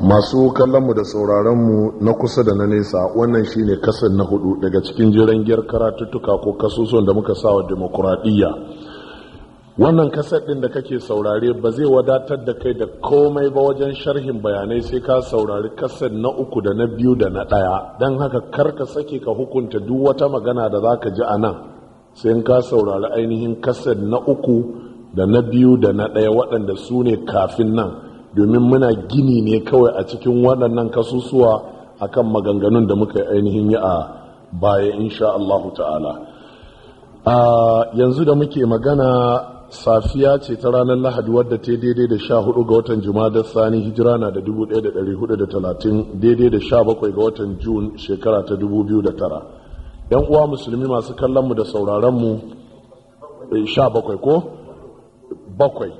masu kallonmu da sauraronmu na kusa da na nesa wannan shine kasar na hudu daga cikin jirangiyar karatuttuka ko kasusun da muka sawa demokuraɗiyya wannan kasar ɗin da kake saurare ba zai wadatar da kai da komai ba wajen sharhin bayanai sai ka saurari kasar na uku da na biyu da na ɗaya don haka karka sake ka hukunta duk wata magana da za ka ji a nan sai ka saurari ainihin kasar na uku da na biyu da na ɗaya waɗanda su ne kafin nan domin muna gini ne kawai a cikin waɗannan kasusuwa akan maganganun da muka yi ainihin yi a baya insha Allahu ta'ala yanzu da muke magana safiya ce ta ranar lahadi wadda ta daidai da sha hudu ga watan jumadar sani hijira na da dubu ɗaya da daidai da sha bakwai ga watan jun shekara ta dubu biyu tara yan uwa musulmi masu kallon mu da sauraronmu eh, sha bakwai ko bakwai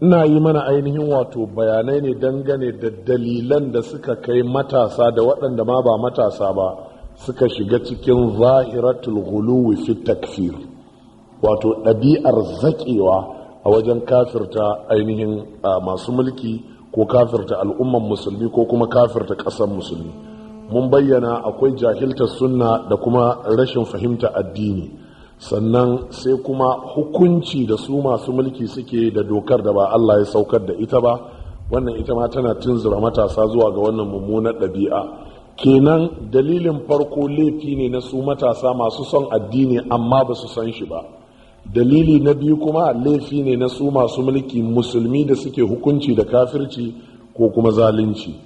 ina yi mana ainihin wato bayanai ne dangane da dalilan da suka kai matasa da waɗanda ma ba matasa ba suka shiga cikin zahiratul ghuluwi fi takfir wato ɗabi'ar zaƙewa a wajen kafirta ainihin masu mulki ko kafirta al'umman musulmi ko kuma kafirta ƙasar musulmi mun bayyana akwai jahilta sunna da kuma rashin fahimta addini sannan sai kuma hukunci da su masu mulki suke da dokar da ba Allah ya saukar da ita ba wannan ita ma tana tunzura matasa zuwa ga wannan mummunar ɗabi'a kenan dalilin farko laifi ne na su matasa masu son addini amma ba su san shi ba dalili na biyu kuma laifi ne na su masu mulki musulmi da suke hukunci da kafirci ko kuma zalunci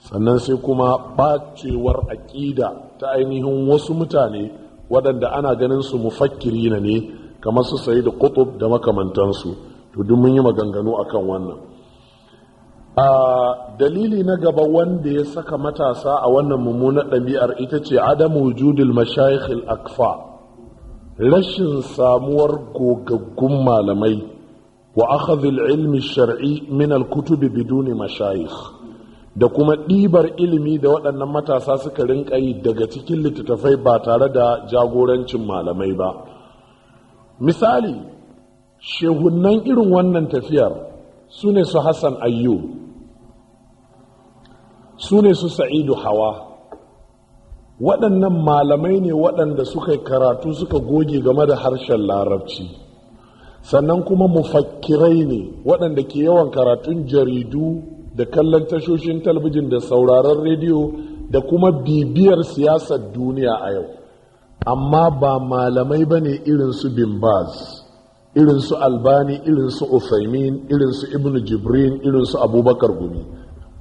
sannan sai kuma bacewar aƙida ta ainihin wasu mutane waɗanda ana ganin su mufakkiri na ne kamar su sayi da kutub da makamantansu to duk mun yi maganganu kan wannan a dalili na gaba wanda ya saka matasa a wannan mummunar ɗabi'ar ita ce adamu wujudul mashayikh akfa rashin samuwar gogaggun malamai wa akhadhul ilmi shar'i min al-kutub biduni mashayikh da kuma ɗibar ilimi da waɗannan matasa suka rinka yi daga cikin littattafai ba tare da jagorancin malamai ba misali shehunan irin wannan tafiyar su ne su hassan ayyu su ne su sa'idu hawa waɗannan malamai ne waɗanda suka karatu suka goge game da harshen larabci sannan kuma mufakkirai ne waɗanda ke yawan karatun jaridu da kallon tashoshin talbijin, da sauraron rediyo da kuma bibiyar siyasar duniya a yau amma ba malamai ba ne irinsu bimbaz irinsu albani irinsu ufaimin irinsu ibn jibrin irinsu abubakar gumi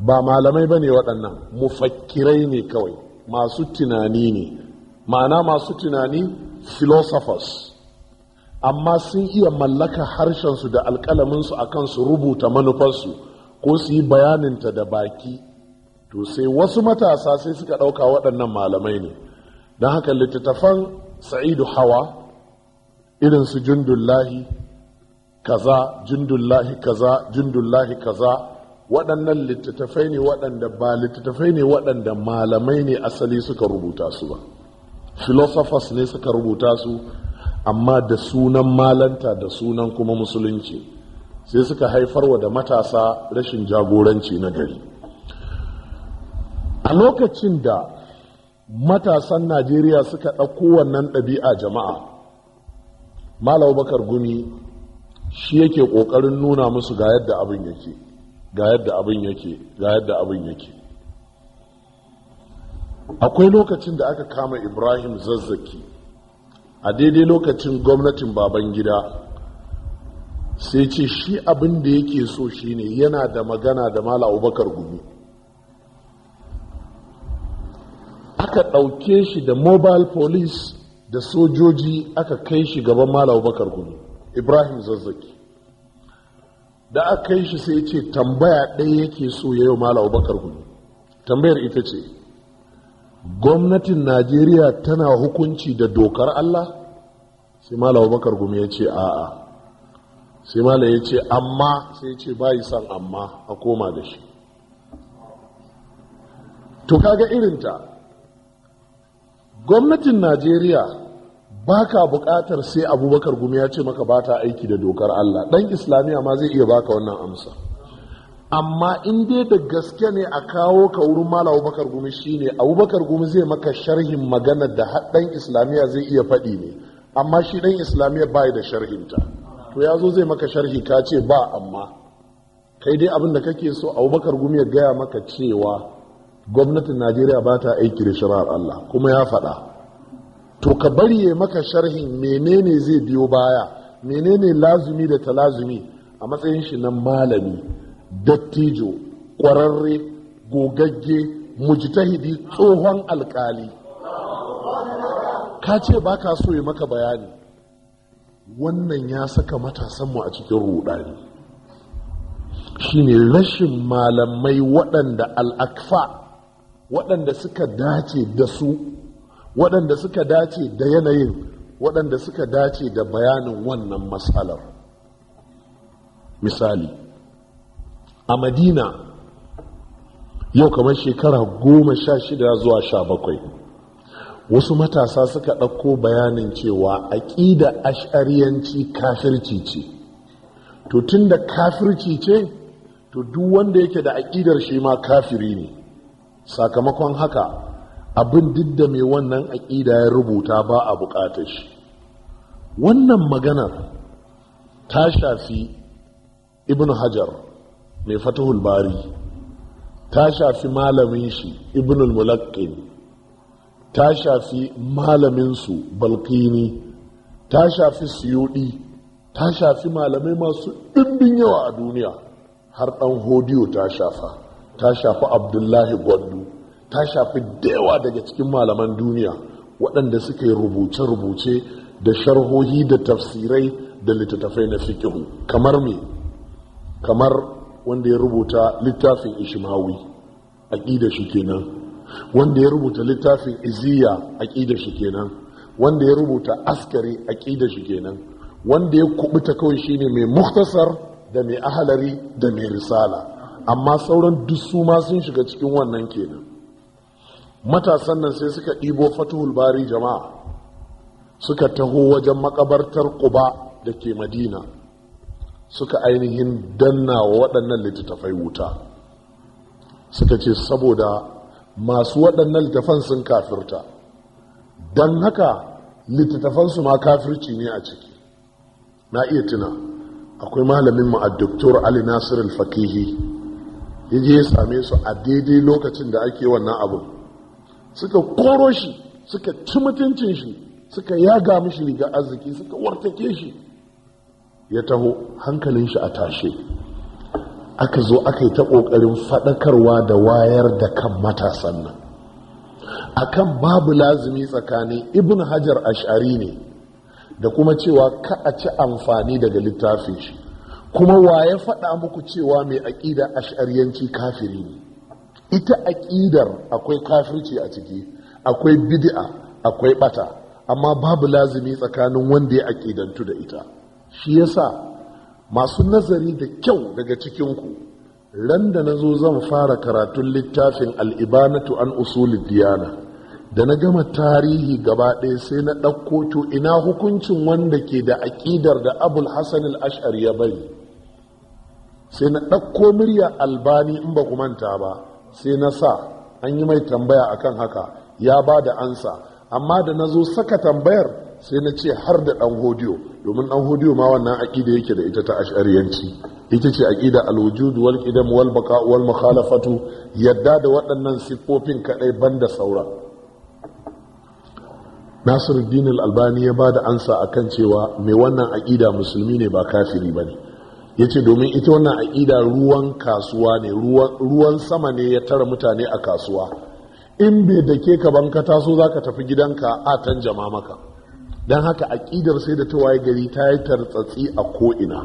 ba malamai ba ne waɗannan mufakkirai ne kawai masu tunani ne ma'ana masu tunani philosophers amma sun iya mallaka harshensu da alƙalaminsu a kansu rubuta manufarsu ko su yi bayaninta da baki to sai wasu matasa sai suka ɗauka waɗannan malamai ne don haka littattafan sa'idu hawa irin su jundullahi kaza jundullahi kaza jundullahi kaza waɗannan littattafai ne waɗanda ba littattafai ne waɗanda malamai ne asali suka rubuta su ba Filosofas ne suka rubuta su amma da sunan malanta da sunan kuma musulunci sai suka haifar wa da matasa rashin jagoranci na gari a lokacin da matasan najeriya suka ɗauko wannan ɗabi'a jama'a malau bakar gumi shi yake ƙoƙarin nuna musu ga yadda abin yake ga yadda abin yake ga yadda abin yake akwai lokacin da aka kama ibrahim zazzaki a daidai lokacin gwamnatin baban gida sai ce shi abin da yake so shi ne yana da magana da mala abubakar gumi aka ɗauke shi da mobile police da sojoji aka kai shi gaban mala abubakar gumi ibrahim zazzaki da aka kai shi sai ce tambaya ɗaya yake so ya yi mala abubakar gumi tambayar ita ce gwamnatin najeriya tana hukunci da dokar allah sai mala abubakar gumi ya ce a'a sai malam ya ce amma sai ce bayi san amma a koma da shi to kaga irinta gwamnatin najeriya baka ka bukatar sai abubakar gumi ya ce maka ba ta aiki da dokar allah dan islamiyya ma zai iya baka wannan amsa amma in dai da gaske ne a kawo ka wurin mala abubakar gumi shine abubakar gumi zai maka sharhin maganar da haɗin islamiyya zai iya faɗi ne amma shi ɗan islamiyya bai da sharhinta to ya zo zai maka sharhi ka ce ba amma kai dai abin da kake so abubakar gumi ya gaya maka cewa gwamnatin najeriya ba ta aiki da shirar allah kuma ya faɗa to ka bari ya maka sharhin menene zai biyo baya menene lazumi da talazumi a matsayin shi na malami dattijo ƙwararre gogagge mujtahidi tsohon alkali ka ce ba ka so ya maka bayani wannan ya saka matasanmu a cikin rudani shine rashin malamai waɗanda al'akfa waɗanda suka dace da su waɗanda suka dace da yanayin waɗanda suka dace da bayanin wannan matsalar misali a madina yau kamar shekara goma sha shida zuwa sha bakwai wasu matasa suka ɗauko bayanin cewa aƙida ash'ariyanci kafirci ce to tun da kafirci ce to duk wanda yake da aƙidar shi ma kafiri ne sakamakon haka abin duk da mai wannan aƙida ya rubuta ba a buƙatar shi wannan maganar ta shafi ibn hajar mai fatahul bari ta shafi malamin shi ibn mulaqqin ta shafi malaminsu balkini ta shafi siyudi ta shafi malamai masu ɗimbin yawa a duniya har ɗan hodiyo ta shafa ta shafi abdullahi gwandu ta shafi dewa daga cikin malaman duniya waɗanda suka yi rubuce-rubuce da sharhohi da tafsirai da littattafai na fikihu kamar me kamar wanda ya rubuta littafin ishmawi aƙida shi kenan wanda ya rubuta littafin iziya aqida shi kenan wanda ya rubuta askari a shi kenan wanda ya kubuta kawai shine mai muktasar da mai ahalari da mai risala amma sauran duk su ma sun shiga cikin wannan kenan matasan nan sai suka ɗibo fatuhul bari jama'a suka taho wajen makabartar quba da ke madina suka ainihin danna wa waɗannan littattafai wuta suka ce saboda masu waɗannan littafan sun kafirta don haka littattafansu ma kafirci ne a ciki na iya tuna akwai malamin mu a doktor ali nasir al-fakihi ya je ya same su a daidai lokacin da ake wannan abu suka koro shi suka ci mutuncin shi suka yaga mishi riga arziki suka wartake shi ya taho hankalin shi a tashe aka zo aka yi ta ƙoƙarin faɗakarwa da wayar da kan matasan nan akan babu lazumi tsakanin ibn hajar ash'ari ne da kuma cewa ka a ci amfani daga littafin shi kuma wa ya faɗa muku cewa mai aƙida ash'ariyanci kafiri ne ita aƙidar akwai kafirci a ciki akwai bidi'a, akwai ɓata amma babu lazumi tsakanin wanda ya aƙidantu da ita shi yasa masu nazari da kyau daga cikinku ran da na zo zan fara karatun littafin al'ibanatu an usulid diyana da na gama tarihi gaba ɗaya sai na ɗauko to ina hukuncin wanda ke da aƙidar da abul hassan al'ashar ya bari sai na ɗauko murya albani in ba ku manta ba sai na sa an yi mai tambaya akan haka ya ba da ansa amma da na zo saka tambayar sai na ce har da ɗan hodiyo domin ɗan hodiyo ma wannan aƙida yake da ita ta ash'ariyanci ita ce aƙida alwujudu wal qidam wal baqa wal mukhalafatu yadda da waɗannan siffofin kaɗai banda saura Nasiru al-Albani ya ba bada ansa kan cewa mai wannan aƙida musulmi ne ba kafiri ba bane yace domin ita wannan aƙida ruwan kasuwa ne ruwan sama ne ya tara mutane a kasuwa in bai dake ka ban ka taso zaka tafi gidanka a tan jama maka don haka aƙidar sai da ta waye gari ta yi tartsatsi a ko'ina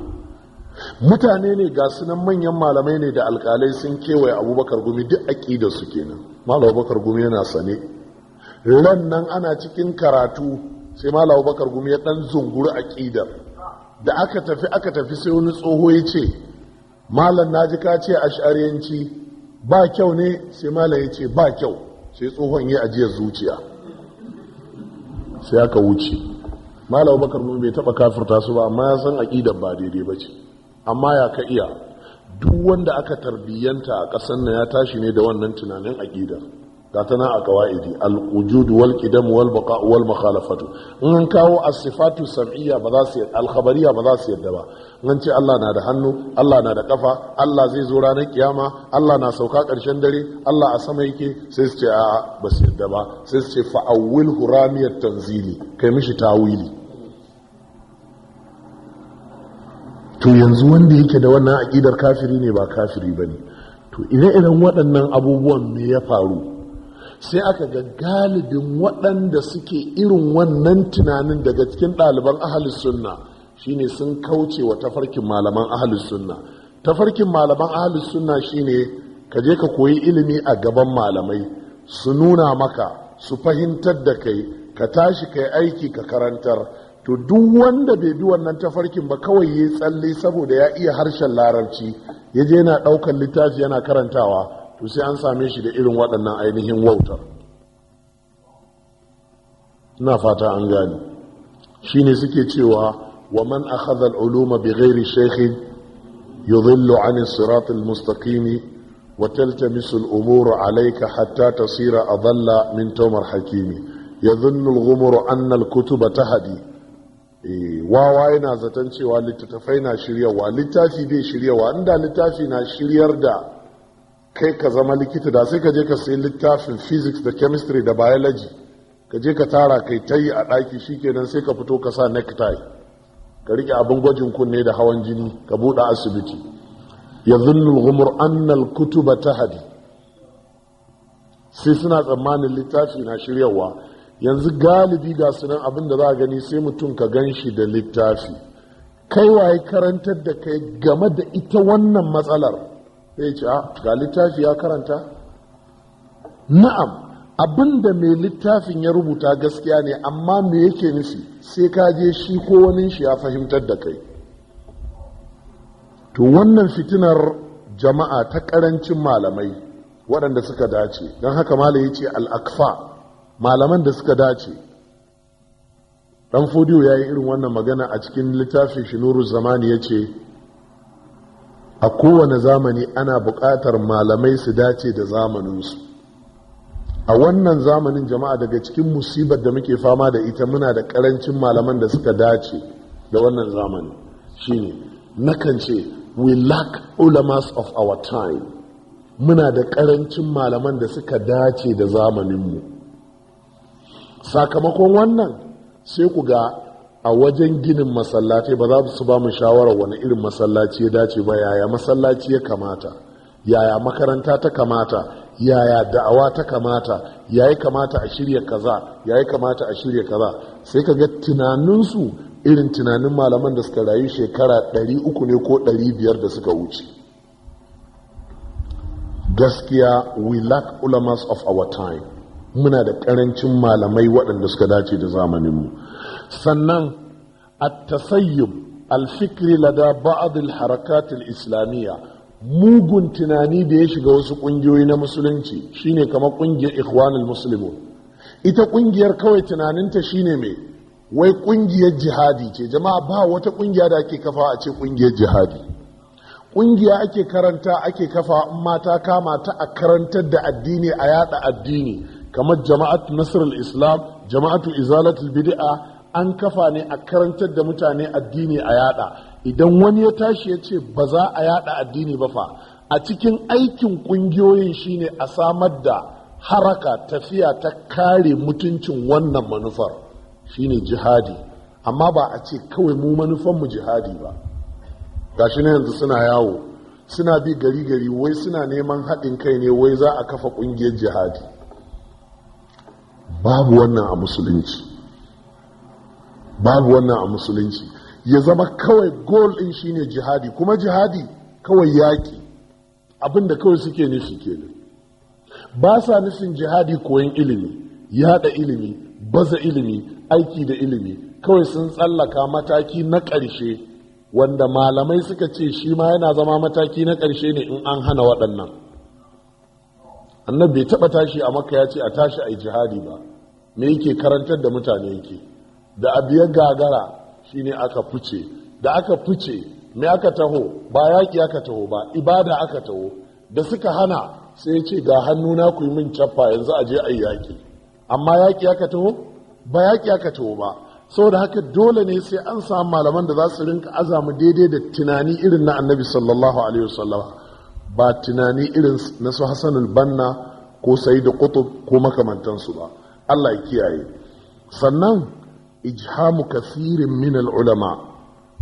mutane ne ga sunan manyan malamai ne da alkalai sun kewaye abubakar gumi duk aƙidar su kenan malam abubakar gumi yana sane ran nan ana cikin karatu sai malam abubakar gumi ya ɗan zunguru aƙidar da aka tafi aka tafi sai wani tsoho ya ce malam na ji ka ce ashariyanci ba kyau ne sai malam ya ce ba kyau sai tsohon ya ajiyar zuciya sai aka wuce malam bakar nun bai taba kafirta su ba amma ya san aqidar ba daidai ba ce amma ya ka iya duk wanda aka tarbiyyanta a ƙasar na ya tashi ne da wannan tunanin aqidar Ka tana a kawa'idi al-wujud wal qidam wal baqa wal in an kawo as-sifatu sam'iyya ba za su yadda al-khabariyya ba za su yadda ba in ce Allah na da hannu Allah na da kafa Allah zai zo ranar kiyama Allah na sauka karshen dare Allah a sama yake sai su ce a ba su yadda ba sai su ce fa'awwil huramiyat tanzili kai mishi tawili to yanzu wanda yake da wannan aqidar kafiri ne ba kafiri bane to ire-iren waɗannan abubuwan me ya faru sai aka ga galibin waɗanda suke irin wannan tunanin daga cikin ɗaliban ahalus sunna shine sun kauce wa tafarkin malaman ahalus sunna tafarkin malaman ahalus sunna shine ka je ka koyi ilimi a gaban malamai su nuna maka su fahimtar da kai ka tashi kai aiki ka karantar to duk wanda bai bi wannan tafarkin ba kawai ya tsalle saboda ya iya harshen larabci ya je yana ɗaukar littafi yana karantawa to sai an same shi da irin waɗannan ainihin wautar na fata an gani shi ne suke cewa wa man akhadha al-uluma bighairi shaykhin yudhillu 'an as-sirat al mustaqimi wa taltamisu al-umur 'alayka hatta tasira adalla min tawmar hakimi yadhunnu al-ghumru anna al-kutuba tahdi wawa yana zaton cewa littattafai na shiryawa littafi bai shiryawa inda littafi na shiryar da kai ka zama likita da sai ka je ka sayi littafin physics da chemistry da biology ka je ka tara kai ta yi a ɗaki shikenan sai ka fito ka sa necktie ka rike abin gwajin kunne da hawan jini ka buɗe asibiti ya zunnul gumur annal kutuba hadi. sai suna tsammanin littafi na shiryawa yanzu galibi ga sunan abin da za a gani sai mutum ka gan shi da littafi kai waye karantar da kai game da ita wannan matsalar sai ce a ah, ga littafi ya karanta na'am abinda da mai littafin ya rubuta gaskiya ne amma me yake nufi sai ka je shi ko wani shi ya fahimtar da kai to wannan fitinar jama'a ta karancin malamai waɗanda suka dace don haka mala ya ce al'akfa malaman da suka dace dan fodiyo ya yi irin wannan magana a cikin littafin shi nuru zamani ya ce a kowane zamani ana buƙatar malamai su dace da zamaninsu a wannan zamanin jama'a daga cikin musibar da muke fama da ita muna da ƙarancin malaman da suka dace da wannan zamani shine nakan ce we lack ulamas of our time muna da ƙarancin malaman da suka dace da zamaninmu sakamakon wannan sai ku ga a wajen ginin masallaci, ba za su ba mu shawarar wani irin masallaci ya dace ba yaya masallaci ya kamata yaya makaranta ta kamata yaya da'awa ta kamata yayi kamata a shirya kaza yayi kamata a shirya kaza sai ka ga tunaninsu irin tunanin malaman da suka rayu shekara 300 ne ko 500 da suka wuce gaskiya we lack ulamas of our time muna da karancin malamai waɗanda suka dace da zamaninmu sannan at-tasayyub al-fikri lada ba'd al-harakat islamiyya mugun tunani da ya shiga wasu kungiyoyi na musulunci shine kamar kungiyar ikhwanul muslimun ita kungiyar kawai tunaninta shine mai wai kungiyar jihadi ce jama'a ba wata kungiya da ake kafa a ce kungiyar jihadi kungiya ake karanta ake kafa in mata kama ta a karantar da addini a yada addini kamar jama'at nasrul islam jama'atu izalatul bid'a an kafa ne a karantar da mutane addini a yada idan wani ya tashi ya ce ba za a yada addini ba fa a cikin aikin kungiyoyin shine a samar da haraka tafiya ta kare mutuncin wannan manufar shine jihadi amma ba a ce kawai mu mu jihadi ba gashi na yanzu suna yawo suna bi gari gari wai suna neman haɗin kai ne wai za a kafa ƙungiyar jihadi babu wannan a musulunci babu wannan a musulunci ya zama kawai gol ɗin shine jihadi kuma jihadi kawai yaƙi abinda kawai suke nufi kenan ba sa nufin jihadi koyon ilimi yada ilimi baza ilimi aiki da ilimi kawai sun tsallaka mataki na ƙarshe wanda malamai suka ce shi ma yana zama mataki na ƙarshe ne in an hana waɗannan annabi bai taɓa tashi a maka ya ce a tashi a jihadi ba me yake karantar da mutane yake da abiyar gagara shine aka fice da aka fice mai aka taho ba yaƙi aka taho ba ibada aka taho da suka hana sai ce ga hannuna ku yi min cappa yanzu a je a yaƙi amma yaƙi aka taho ba yaƙi aka taho ba saboda haka dole ne sai an samu malaman da za su rinka azamu daidai da tunani irin na annabi sallallahu alaihi wasallam ba tunani irin na su hassan banna ko sai da kutub ko makamantansu ba allah ya kiyaye sannan إجهام كثير من العلماء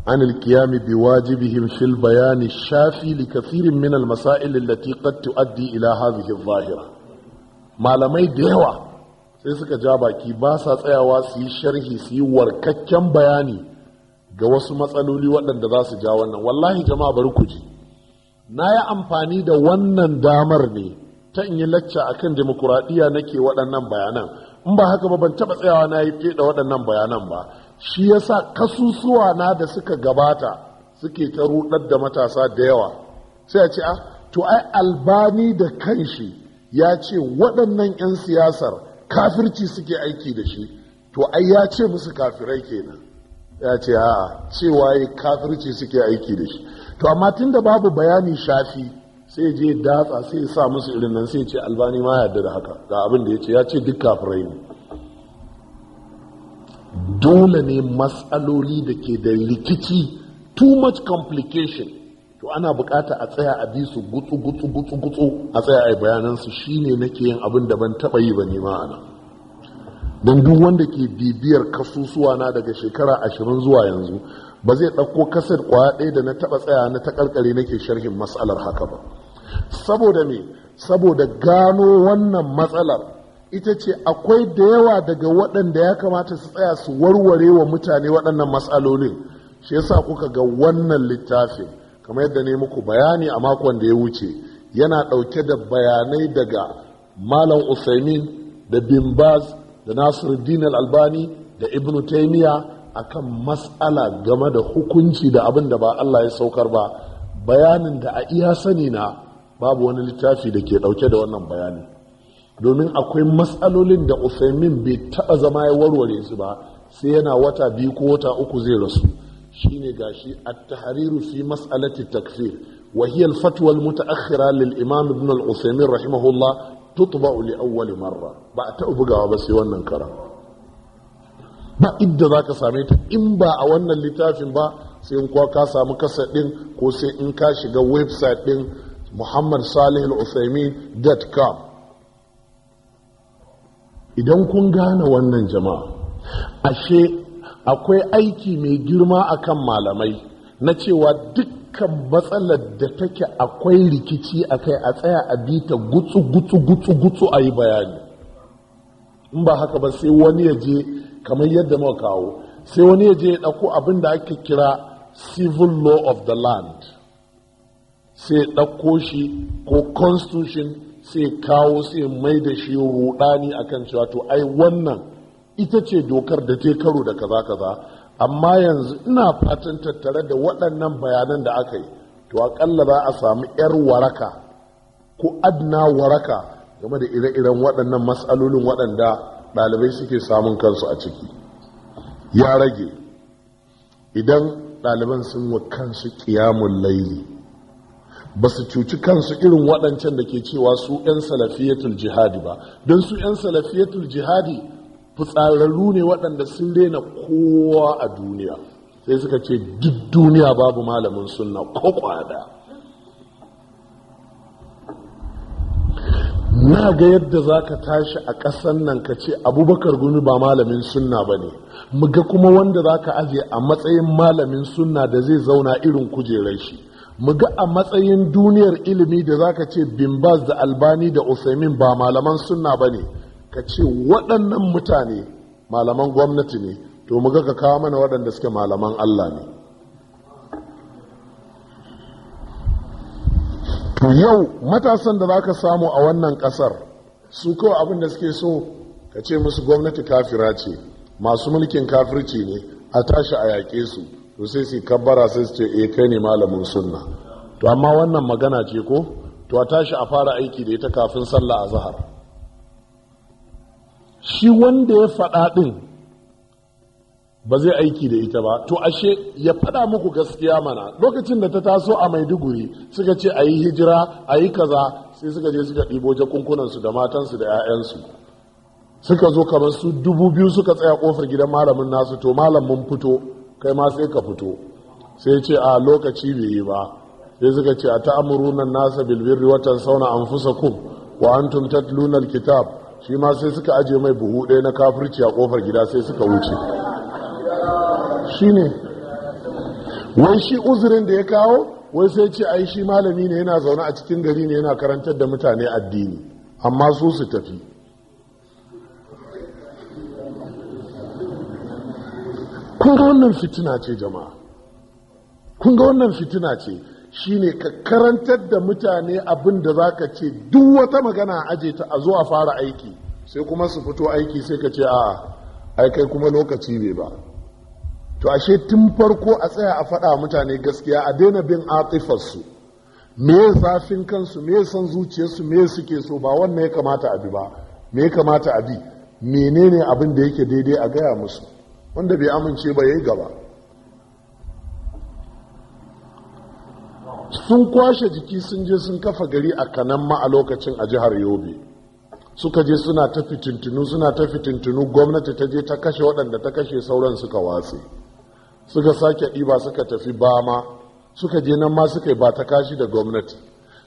عن القيام wajibi في bayani الشافي لكثير من المسائل التي قد تؤدي إلى هذه الظاهرة ما لمي ديوة sai suka ja baki ba sa tsayawa su yi sharhi su yi warkakken bayani ga wasu matsaloli waɗanda za su ja wannan wallahi jama'a bari ku ji na yi amfani da wannan damar ne ta in yi lacca akan dimokuraɗiyya nake waɗannan bayanan in ba haka ba ban taɓa tsayawa na yi da waɗannan bayanan ba shi yasa kasusuwa na da suka gabata suke ta rudar da matasa da yawa sai a ce a ah, to ai albani da kanshi ya ce waɗannan 'yan siyasar kafirci suke aiki da shi to ai ya ce musu kafirai kenan ya ce a'a cewa kafirci suke aiki da shi to amma tun da babu bayani shafi sai je datsa sai sa musu irin nan sai ce albani ma yadda da haka ga abin da ya ce ya ce duk kafirai ne dole ne matsaloli da ke da rikici too much complication to ana bukata a tsaya a bi su gutsu gutsu gutsu gutsu a tsaya a bayanan su shine nake yin abin da ban taba yi ba ne ma ana don duk wanda ke bibiyar kasusuwa na daga shekara ashirin zuwa yanzu ba zai ɗauko kasar kwaya ɗaya da na taɓa tsaya na ta ƙarƙare nake sharhin matsalar haka ba saboda me saboda gano wannan matsalar ita ce akwai da yawa daga waɗanda ya kamata su tsaya su warware wa mutane waɗannan matsalolin shi yasa kuka ga wannan littafin kamar yadda ne muku bayani a makon da ya wuce yana ɗauke da bayanai daga malam usaimin da Bimbaz da Nasiru Dinar albani da ibn a kan matsala game da hukunci da abin da ba allah ya saukar ba bayanin da a iya sani na babu wani littafi da ke dauke da wannan bayani domin akwai matsalolin da usaimin bai taba zama ya warware su ba sai yana wata biyu ko wata uku zai rasu shine gashi at-tahriru fi mas'alati takfir wa hiya al-fatwa al-mutaakhira lil imam ibn al-usaimin rahimahullah tutba li awwal marra ba ta bugawa ba sai wannan kara ba idda za ka same ta in ba a wannan littafin ba sai in kuwa ka samu kasa ɗin ko sai in ka shiga website ɗin muhammad salih al-uthaymin.com idan kun gane wannan jama'a ashe akwai aiki mai girma akan malamai na cewa dukkan matsalar da take akwai rikici a kai a tsaya a bita gutsu gutsu gutsu gutsu a yi bayani in ba haka ba sai wani ya je kamar yadda ma kawo sai wani ya je ya ɗauko abin da ake kira civil law of the land sai ɗauko shi ko constitution sai kawo sai mai da shi a kan cewa to ai wannan ita ce dokar da ta karo da kaza kaza amma yanzu ina fatan tattare da waɗannan bayanan da aka yi to aƙalla za a samu 'yar waraka ko adna waraka game da ire-iren waɗannan matsalolin waɗanda ɗalibai suke samun kansu a ciki ya rage idan ɗaliban sun wa kansu ƙiyamun laili ba su cuci kansu irin waɗancan da ke cewa su 'yan salafiyatul jihadi ba don su 'yan salafiyatul jihadi fitsararru ne waɗanda sun daina kowa a duniya sai suka ce duk duniya babu malamin sunna ko kwada na ga yadda za ka tashi a ƙasan nan ka ce abubakar gumi ba malamin sunna ba ne ga kuma wanda za ka ajiye a matsayin malamin sunna da zai zauna irin kujerar shi mu ga a matsayin duniyar ilimi da zaka ce Bimbaz da albani da usaimin ba malaman sunna ba ne ka ce waɗannan mutane malaman gwamnati ne to mu ga ka kawo mana waɗanda suke malaman allah ne to yau matasan da zaka samu a wannan ƙasar su kawai abin da suke so ka ce musu gwamnati kafira ce masu mulkin kafirci ne a tashi a yaƙe su to sai su kabbara sai su ce eh kai ne malamin sunna to amma wannan magana ce ko to a tashi a fara aiki da ita kafin sallah a zahar. shi wanda ya faɗa ɗin ba zai aiki da ita ba to ashe ya faɗa muku gaskiya mana lokacin da ta taso a maiduguri suka ce a yi hijira a yi kaza sai suka je suka ɗibo jakunkunansu da matansu da 'ya'yansu suka zo kamar su dubu biyu suka tsaya ƙofar gidan malamin nasu to malamin fito kai ma sai ka fito sai ce a lokaci bai yi ba sai suka ce a ta'amurunan nasa bil watan Sauna fusa kum wa an tatluna lunar kitab shi ma sai suka aje mai buhu ɗaya na kafirci a kofar gida sai suka wuce ne wai shi uzurin da ya kawo wai sai ce a yi shi malami ne yana zaune a cikin gari ne yana karantar da mutane addini amma su su tafi kun ga wannan fitina ce jama'a kun ga wannan fitina ce shine ka karantar da mutane abin da za ka ce duk wata magana a aje ta a zo a fara aiki sai kuma su fito aiki sai ka ce a'a ai kai kuma lokaci ne ba to ashe tun farko a tsaya a faɗa mutane gaskiya a daina bin atifarsu me zafin kansu me son zuciyarsu me suke so ba wannan ya kamata a bi ba me ya kamata a bi menene abin da yake daidai a gaya musu wanda bai amince ba ya yi gaba sun kwashe jiki sun je sun kafa gari a kanan ma a lokacin a jihar yobe suka je suna ta fitintinu suna ta fitintinu gwamnati ta je ta kashe waɗanda ta kashe sauran suka watsi, suka sake ɗiba suka tafi bama suka je nan ma suka yi ba ta kashi da gwamnati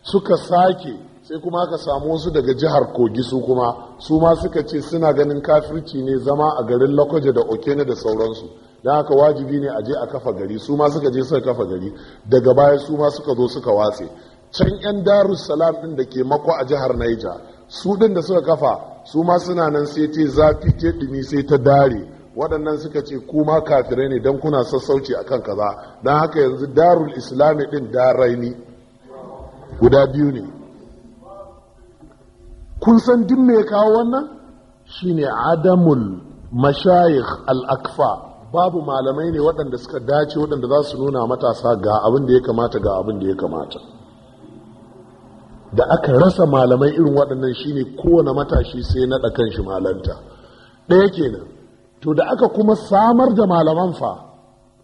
suka sake sai kuma ka samu wasu daga jihar kogi su kuma su ma suka ce suna ganin kafirci ne zama a garin lakwaje da okene da sauransu don haka wajibi ne a je a kafa gari su ma suka je suka kafa gari daga baya su ma suka zo suka watse can 'yan darussalam ɗin da ke mako a jihar naija su ɗin da suka kafa su ma suna nan sai ce zafi ce dumi sai ta dare waɗannan suka ce kuma kafirai ne don kuna sassauci a akan kaza don haka yanzu darul islami ɗin raini guda biyu ne kun san duk me kawo wannan shine adamul mashayikh al-akfa babu malamai ne waɗanda suka dace waɗanda za su nuna matasa ga abin da ya kamata ga abin da ya kamata da aka rasa malamai irin waɗannan shine kowane matashi sai naɗa kan shi malanta ɗaya kenan to da aka kuma samar da malaman fa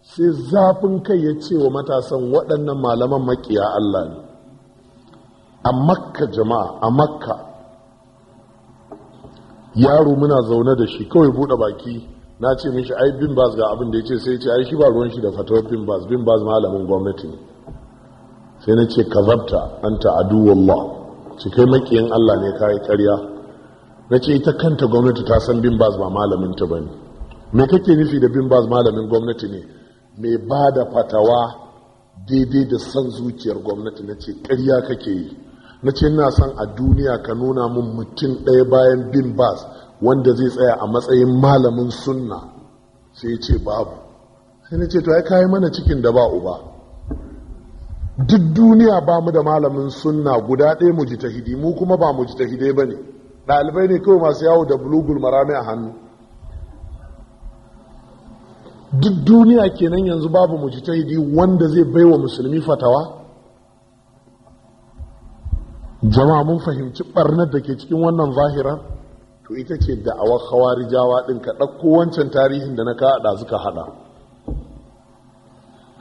sai zafin kai ya ce wa matasan waɗannan malaman makiya Allah ne a makka jama'a a makka yaro muna zaune da shi kawai buɗe baki na ce mishi ai bin bas ga abin da ya ce sai ce ai shi ba ruwan shi da fatawar bin bas bin bas malamin gwamnati ne sai na ce ka kazabta an ta'adu wallah ce kai makiyin Allah ne kai karya na ce ita kanta gwamnati ta san bin bas ba malamin ta bane me kake nufi da bin bas malamin gwamnati ne mai ba da fatawa daidai da san zuciyar gwamnati na ce karya kake yi na ce na san a duniya ka nuna mun mutum ɗaya bayan bin bas wanda zai tsaya a matsayin malamin sunna sai ce babu sai na ce to ya kayi mana cikin da ba uba duk duniya ba mu da malamin sunna guda ɗaya mu ji hidi mu kuma ba mu ji ta hidai ba ne ɗalibai ne kawai masu yawo da bulugul marami a hannu duk duniya kenan yanzu babu mu hidi wanda zai baiwa musulmi fatawa jama'a mun fahimci barnar da ke cikin wannan zahira to ita ce da'awar jawa ɗin ka ɗauko wancan tarihin da na kaɗa suka haɗa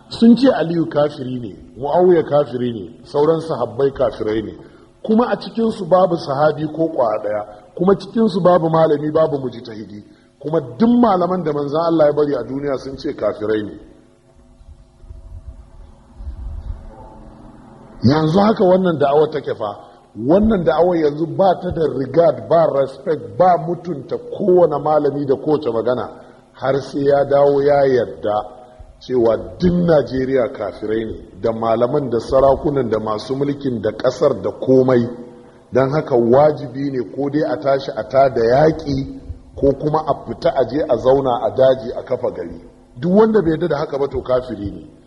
sun ce aliyu kafiri ne mu'awiya kafiri ne sauran sahabbai kafirai ne kuma a cikinsu babu sahabi ko kwa ɗaya kuma cikinsu babu malami babu mujtahidi kuma duk malaman da manzan Allah ya bari a duniya sun ce kafirai ne yanzu haka wannan da'awar take fa wannan da da'awar yanzu ba ta da rigad ba respect ba mutunta kowane malami da kowace magana har sai ya dawo ya yarda cewa duk najeriya kafirai ne da malaman da sarakunan da masu mulkin da kasar da komai don haka wajibi ne ko dai a tashi a ta da yaƙi ko kuma a fita aje a zauna a daji a kafa gari duk wanda bai da haka ba to kafiri ne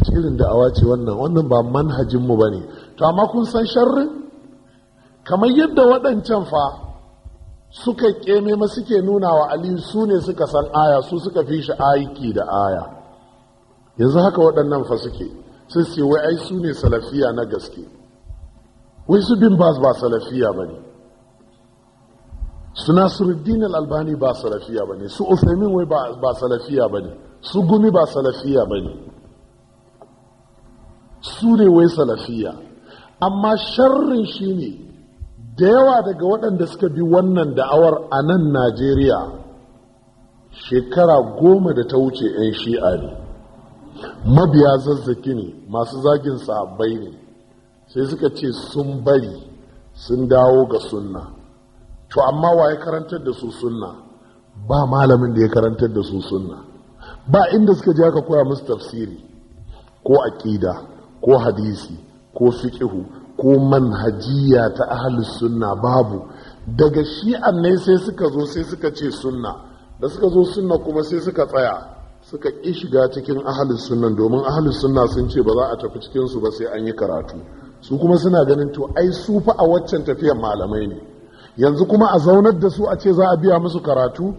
wace irin da'awa ce wannan wannan ba manhajinmu ba ne to amma kun san sharrin kamar yadda waɗancan fa suka ƙeme ma suke nuna wa aliyu su ne suka san aya su suka fi shi aiki da aya yanzu haka waɗannan fa suke sun ce wai ai su ne salafiya na gaske wai su bin bas ba salafiya ba ne su nasiruddin albani ba salafiya ba ne su usaimin wai ba salafiya ba ne su gumi ba salafiya ba ne su ne wai salafiya amma sharrin shi ne da yawa daga waɗanda suka bi wannan da'awar a nan najeriya shekara goma da ta wuce 'yan shi'a ne mabiya zazzaki ne masu zagin sabai ne sai suka ce sun bari sun dawo ga sunna to amma wa ya karantar da su sunna ba malamin da ya karantar da su sunna ba inda suka je aka koya musu tafsiri ko aƙida ko hadisi ko fiƙihu ko manhajiya ta ahalus sunna babu daga an ne sai suka zo sai suka ce sunna da suka zo sunna kuma sai suka tsaya suka ƙi shiga cikin ahalus sunna domin ahalus sunna sun ce ba za a tafi cikinsu ba sai an yi karatu su kuma suna ganin to ai su fa a waccan tafiyan malamai ne yanzu kuma a zaunar da su a ce za a biya musu karatu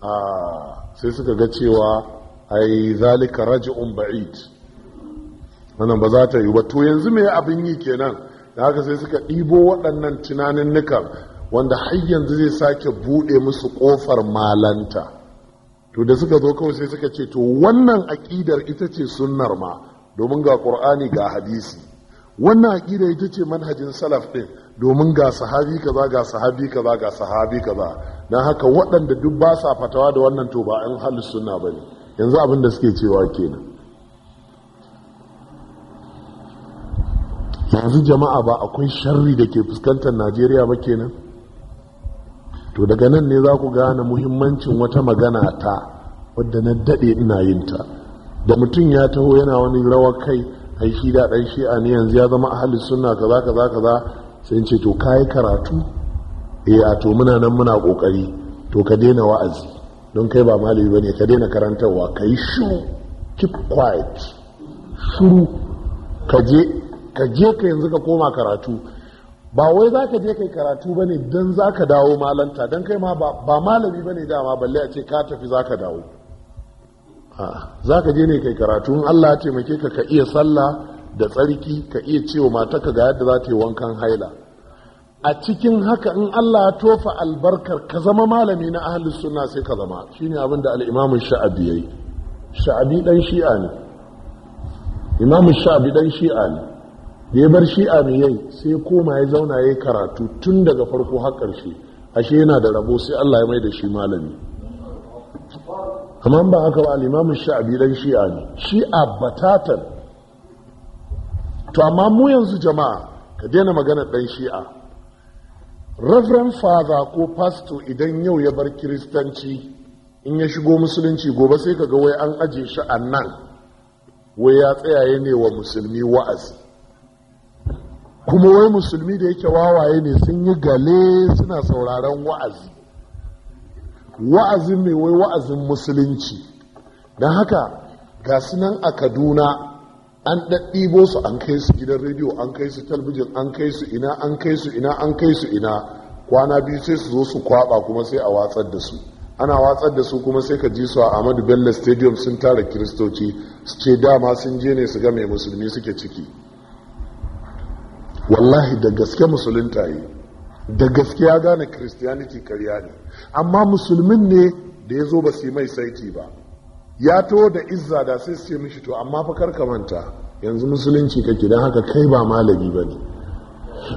a ah, sai suka ga cewa ai zalika raji'un ba'id wannan ba za ta yi ba to yanzu mai abin yi kenan da haka sai suka ɗibo waɗannan tunanin nukan wanda har yanzu zai sake buɗe musu ƙofar malanta to da suka zo kawai sai suka ce to wannan aƙidar ita ce sunnar ma domin ga ƙur'ani ga hadisi wannan aƙidar ita ce manhajin salaf ɗin domin ga sahabi kaza ga sahabi kaza ga sahabi kaza don haka waɗanda duk ba sa fatawa da wannan to ba an halin suna ba ne yanzu abin da suke cewa kenan yanzu jama'a ba akwai sharri da ke fuskantar najeriya ba kenan to daga nan ne za ku gane muhimmancin wata magana ta wadda na daɗe ina yin ta da mutum ya taho yana wani rawar kai ai shi da ɗan shi'a ne yanzu ya zama ahli sunna kaza kaza kaza sai ce to kayi karatu eh a to muna nan muna kokari to ka daina wa'azi don kai ba malami bane ka daina karantarwa kai shiru keep quiet shiru ka je ka je ka yanzu ka koma karatu ba wai za ka je kai karatu ba ne don za ka dawo malanta don kai ma ba malami ba ne dama balle a ce ka tafi za ka dawo za ka je ne kai karatu in allah ya taimake ka ka iya sallah da tsarki ka iya cewa ka ga yadda za ta yi wankan haila a cikin haka in allah ya tofa albarkar ka zama malami na ahalus suna sai ka zama Shi ne abin da al'imamun sha'abi yayi sha'abi sha'abi dan shi'a ne da ya bar shi'a mai yayi sai koma ya zauna ya karatu tun daga farko har ƙarshe ashe yana da rabo sai Allah ya mai da shi malami amma ba haka ba limamin sha'abi dan shi'a ne shi'a batatan to amma mu yanzu jama'a ka daina magana dan shi'a reverend father ko pastor idan yau ya bar kiristanci in ya shigo musulunci gobe sai ka ga wai an aje shi a nan wai ya tsayaye ne wa musulmi wa'azi kuma wai musulmi da yake wawaye ne sun yi gale suna sauraron wa'azi wa'azin mai wai wa'azin musulunci don haka ga nan a kaduna an ɗaɗɗibo su an kai su gidan rediyo an kai su talbijin an kai su ina an kai su ina an kai su ina kwana biyu sai su zo su kwaba kuma sai a watsar da su ana watsar da su kuma sai ka ji su a amadu bello stadium sun tara kiristoci su ce dama sun je ne su ga mai musulmi suke ciki wallahi da gaske musulunta yi da gaske ya gane christianity karya ne amma musulmin ne da ya zo ba su mai saiti ba ya to da izza da sai su mishi to amma fa ka manta yanzu musulunci kake don haka kai ba malami ba ne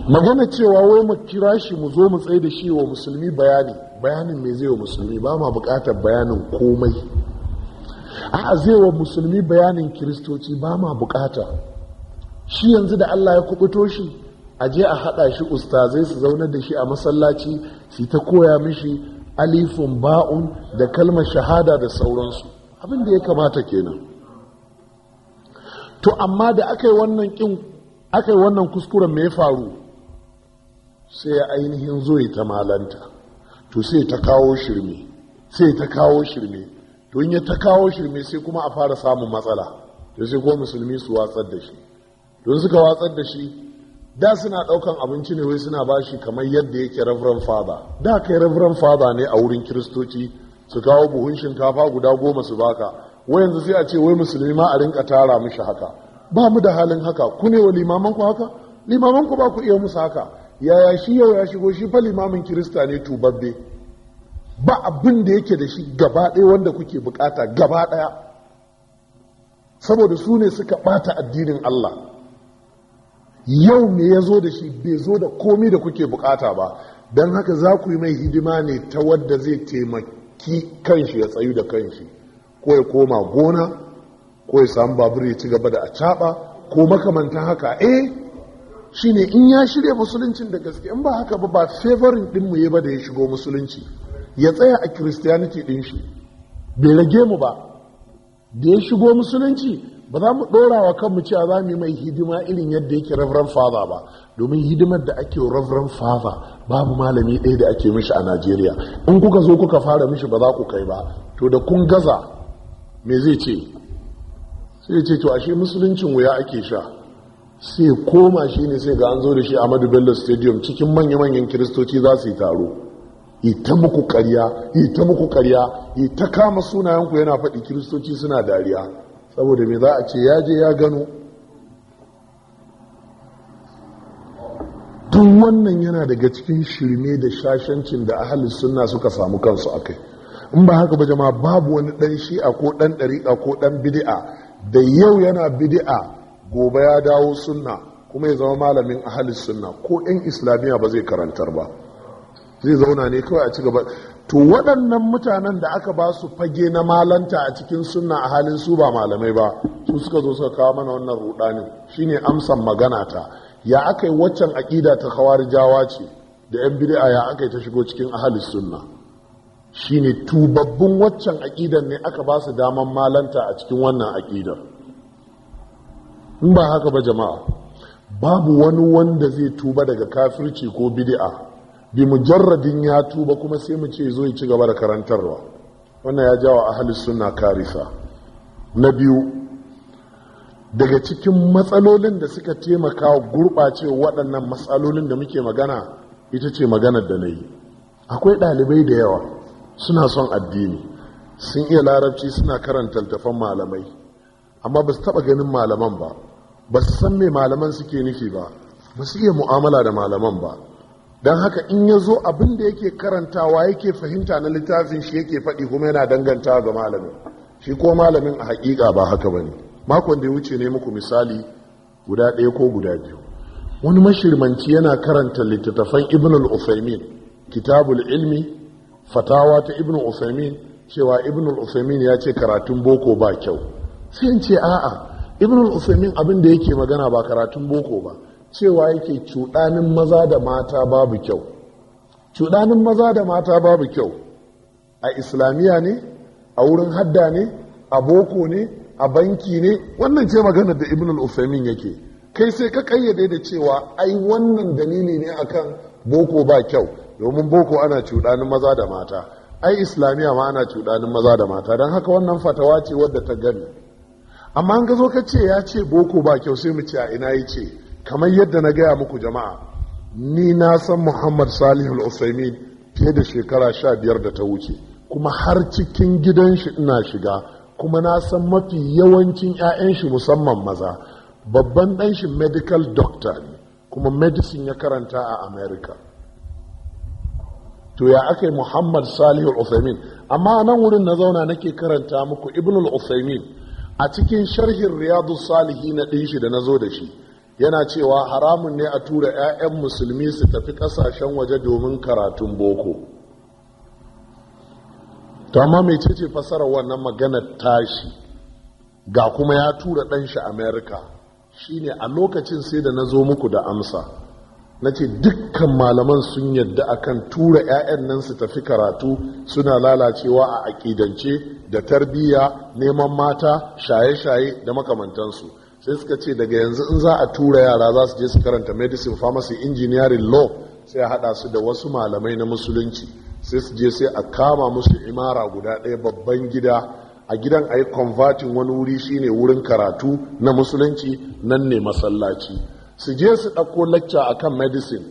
magana cewa wai mu kira shi mu zo mu tsaye da shi wa musulmi bayani bayanin me zai wa musulmi ba ma bukatar bayanin komai a'a zai wa musulmi bayanin kiristoci ba ma bukata shi yanzu da Allah ya kubuto shi a je a haɗa shi ustazai su zaunar da shi a masallaci su ta koya mishi alifun ba'un da kalmar shahada da sauransu abin da ya kamata kenan to amma da aka yi wannan kin aka wannan kuskuren me faru sai ya ainihin zo ya ta malanta to sai ta kawo shirme sai ta kawo shirme to in ya ta kawo shirme sai kuma a fara samun matsala to sai ko musulmi su watsar da shi don suka watsar da shi da suna daukan abinci ne wai suna ba shi kamar yadda yake reverend father da kai reverend father ne a wurin kiristoci su kawo buhun shinkafa guda goma su baka wai yanzu sai a ce wai musulmi ma a rinka tara mishi haka ba mu da halin haka ku ne wa limamanku ku haka limaman ba ku iya musu haka yaya shi yau ya shigo shi fa limamin kirista ne tubabbe ba abin da yake da shi gaba ɗaya wanda kuke bukata gaba ɗaya saboda su ne suka ɓata addinin Allah yau me ya zo da shi bai zo da komi da kuke bukata ba don haka za ku yi mai hidima ne ta wadda zai taimaki kanshi ya tsayu da kanshi ko ya koma gona ko ya samu babur ya ci gaba da caba ko makamanta haka eh ne in ya shirya musuluncin da gaske in ba haka ba ba favorin din mu ba da ya shigo musulunci ya tsaya a christianity din shi bai rage mu ba da ya shigo musulunci ba za mu ɗora wa kanmu cewa za mu yi mai hidima irin yadda yake reverend father ba domin hidimar da ake reverend father babu malami ɗaya da ake mishi a najeriya in kuka zo kuka fara mishi ba za ku kai ba to da kun gaza me zai ce sai ce to ashe musuluncin wuya ake sha sai koma shi ne sai ga an zo da shi amadu bello stadium cikin manya-manyan kiristoci za su yi taro yi ta muku karya yi ta muku karya yi kama sunayenku yana faɗi kiristoci suna dariya saboda mai za a ce ya je ya gano tun wannan yana daga cikin shirme da shashancin da ahalis sunna suka samu kansu a kai in ba haka ba jama'a babu wani dan shi'a ko dan ɗari'a, ko dan bidi'a da yau yana bidi'a gobe ya dawo sunna kuma ya zama malamin ahalis sunna ko yan islamiyya ba zai karantar ba zai zauna ne kawai a ci gaba to waɗannan mutanen da aka ba su fage na malanta a cikin sunna a halin su ba malamai ba su suka zo suka kawo mana wannan rudanin shine amsan magana ta ya aka yi waccan aƙida ta jawa ce da yan bid'a ya aka yi ta shigo cikin ahalin sunna shine tubabbun waccan aƙidar ne aka ba su daman malanta a cikin wannan aƙidar in ba haka ba jama'a babu wani wanda zai tuba daga kafirci ko bid'a bi mujarradin ya tuba kuma sai mu ce zo ya ci gaba da karantarwa wannan ya jawa ahli sunna karisa na biyu daga cikin matsalolin da suka taimaka gurɓace waɗannan matsalolin da muke magana ita ce maganar da na yi akwai ɗalibai da yawa suna son addini sun iya larabci suna karanta littafan malamai amma ba su taɓa ganin malaman ba ba su san me malaman suke nufi ba ba su iya mu'amala da malaman ba don haka in ya zo abin da yake karantawa yake fahimta na littafin shi yake faɗi kuma yana dangantawa ga malamin shi ko malamin a haƙiƙa ba haka ba ne makon da ya wuce ne muku misali guda ɗaya ko guda biyu wani mashirmanci yana karanta littattafan ibn al-usaimin kitabul ilmi fatawa ta ibn al-usaimin cewa ibn al-usaimin ya ce karatun boko ba kyau sai ce a'a ibn al abin da yake magana ba karatun boko ba cewa yake cuɗanin maza da mata babu kyau cuɗanin maza da mata babu kyau a islamiyya ne a wurin hadda ne a boko ne a banki ne wannan ce maganar da ibn al-usaimin yake kai sai ka kayyade da cewa ai wannan dalili ne akan boko ba kyau domin boko ana cuɗanin maza da mata ai islamiyya ma ana cuɗanin maza da mata don haka wannan fatawa ce wadda ta gani amma an ka zo ka ce ya ce boko ba kyau sai mu ce a ina ya ce kamar yadda na gaya muku jama'a ni na san muhammad salihul usaimin fiye da shekara sha biyar da ta wuce kuma har cikin gidan shi ina shiga kuma na san mafi yawancin 'ya'yan shi musamman maza babban ɗan shi medical doctor ne kuma medicine ya karanta a america to ya aka yi muhammad salihul usaimin amma nan wurin na zauna nake karanta muku ibnul usaimin a cikin sharhin riyadu salihi na ɗin da na zo da shi yana cewa haramun ne a tura 'ya'yan musulmi su tafi kasashen waje domin karatun boko Ta ma mai ce fasara wannan maganar tashi ga kuma ya tura ɗan ɗanshi amerika shine a lokacin sai da na zo muku da amsa na ce dukkan malaman sun yadda akan tura 'ya'yan nan su tafi karatu suna lalacewa a aƙidance da tarbiyya neman mata shaye-shaye da makamantansu sai suka ce daga yanzu in za a tura yara za su je su karanta medicine pharmacy engineering law sai a haɗa su da wasu malamai na musulunci sai su je sai a kama musu imara guda ɗaya babban gida a gidan a yi convertin wani wuri shine wurin karatu na musulunci nan ne masallaci su je su ɗauko lacca akan medicine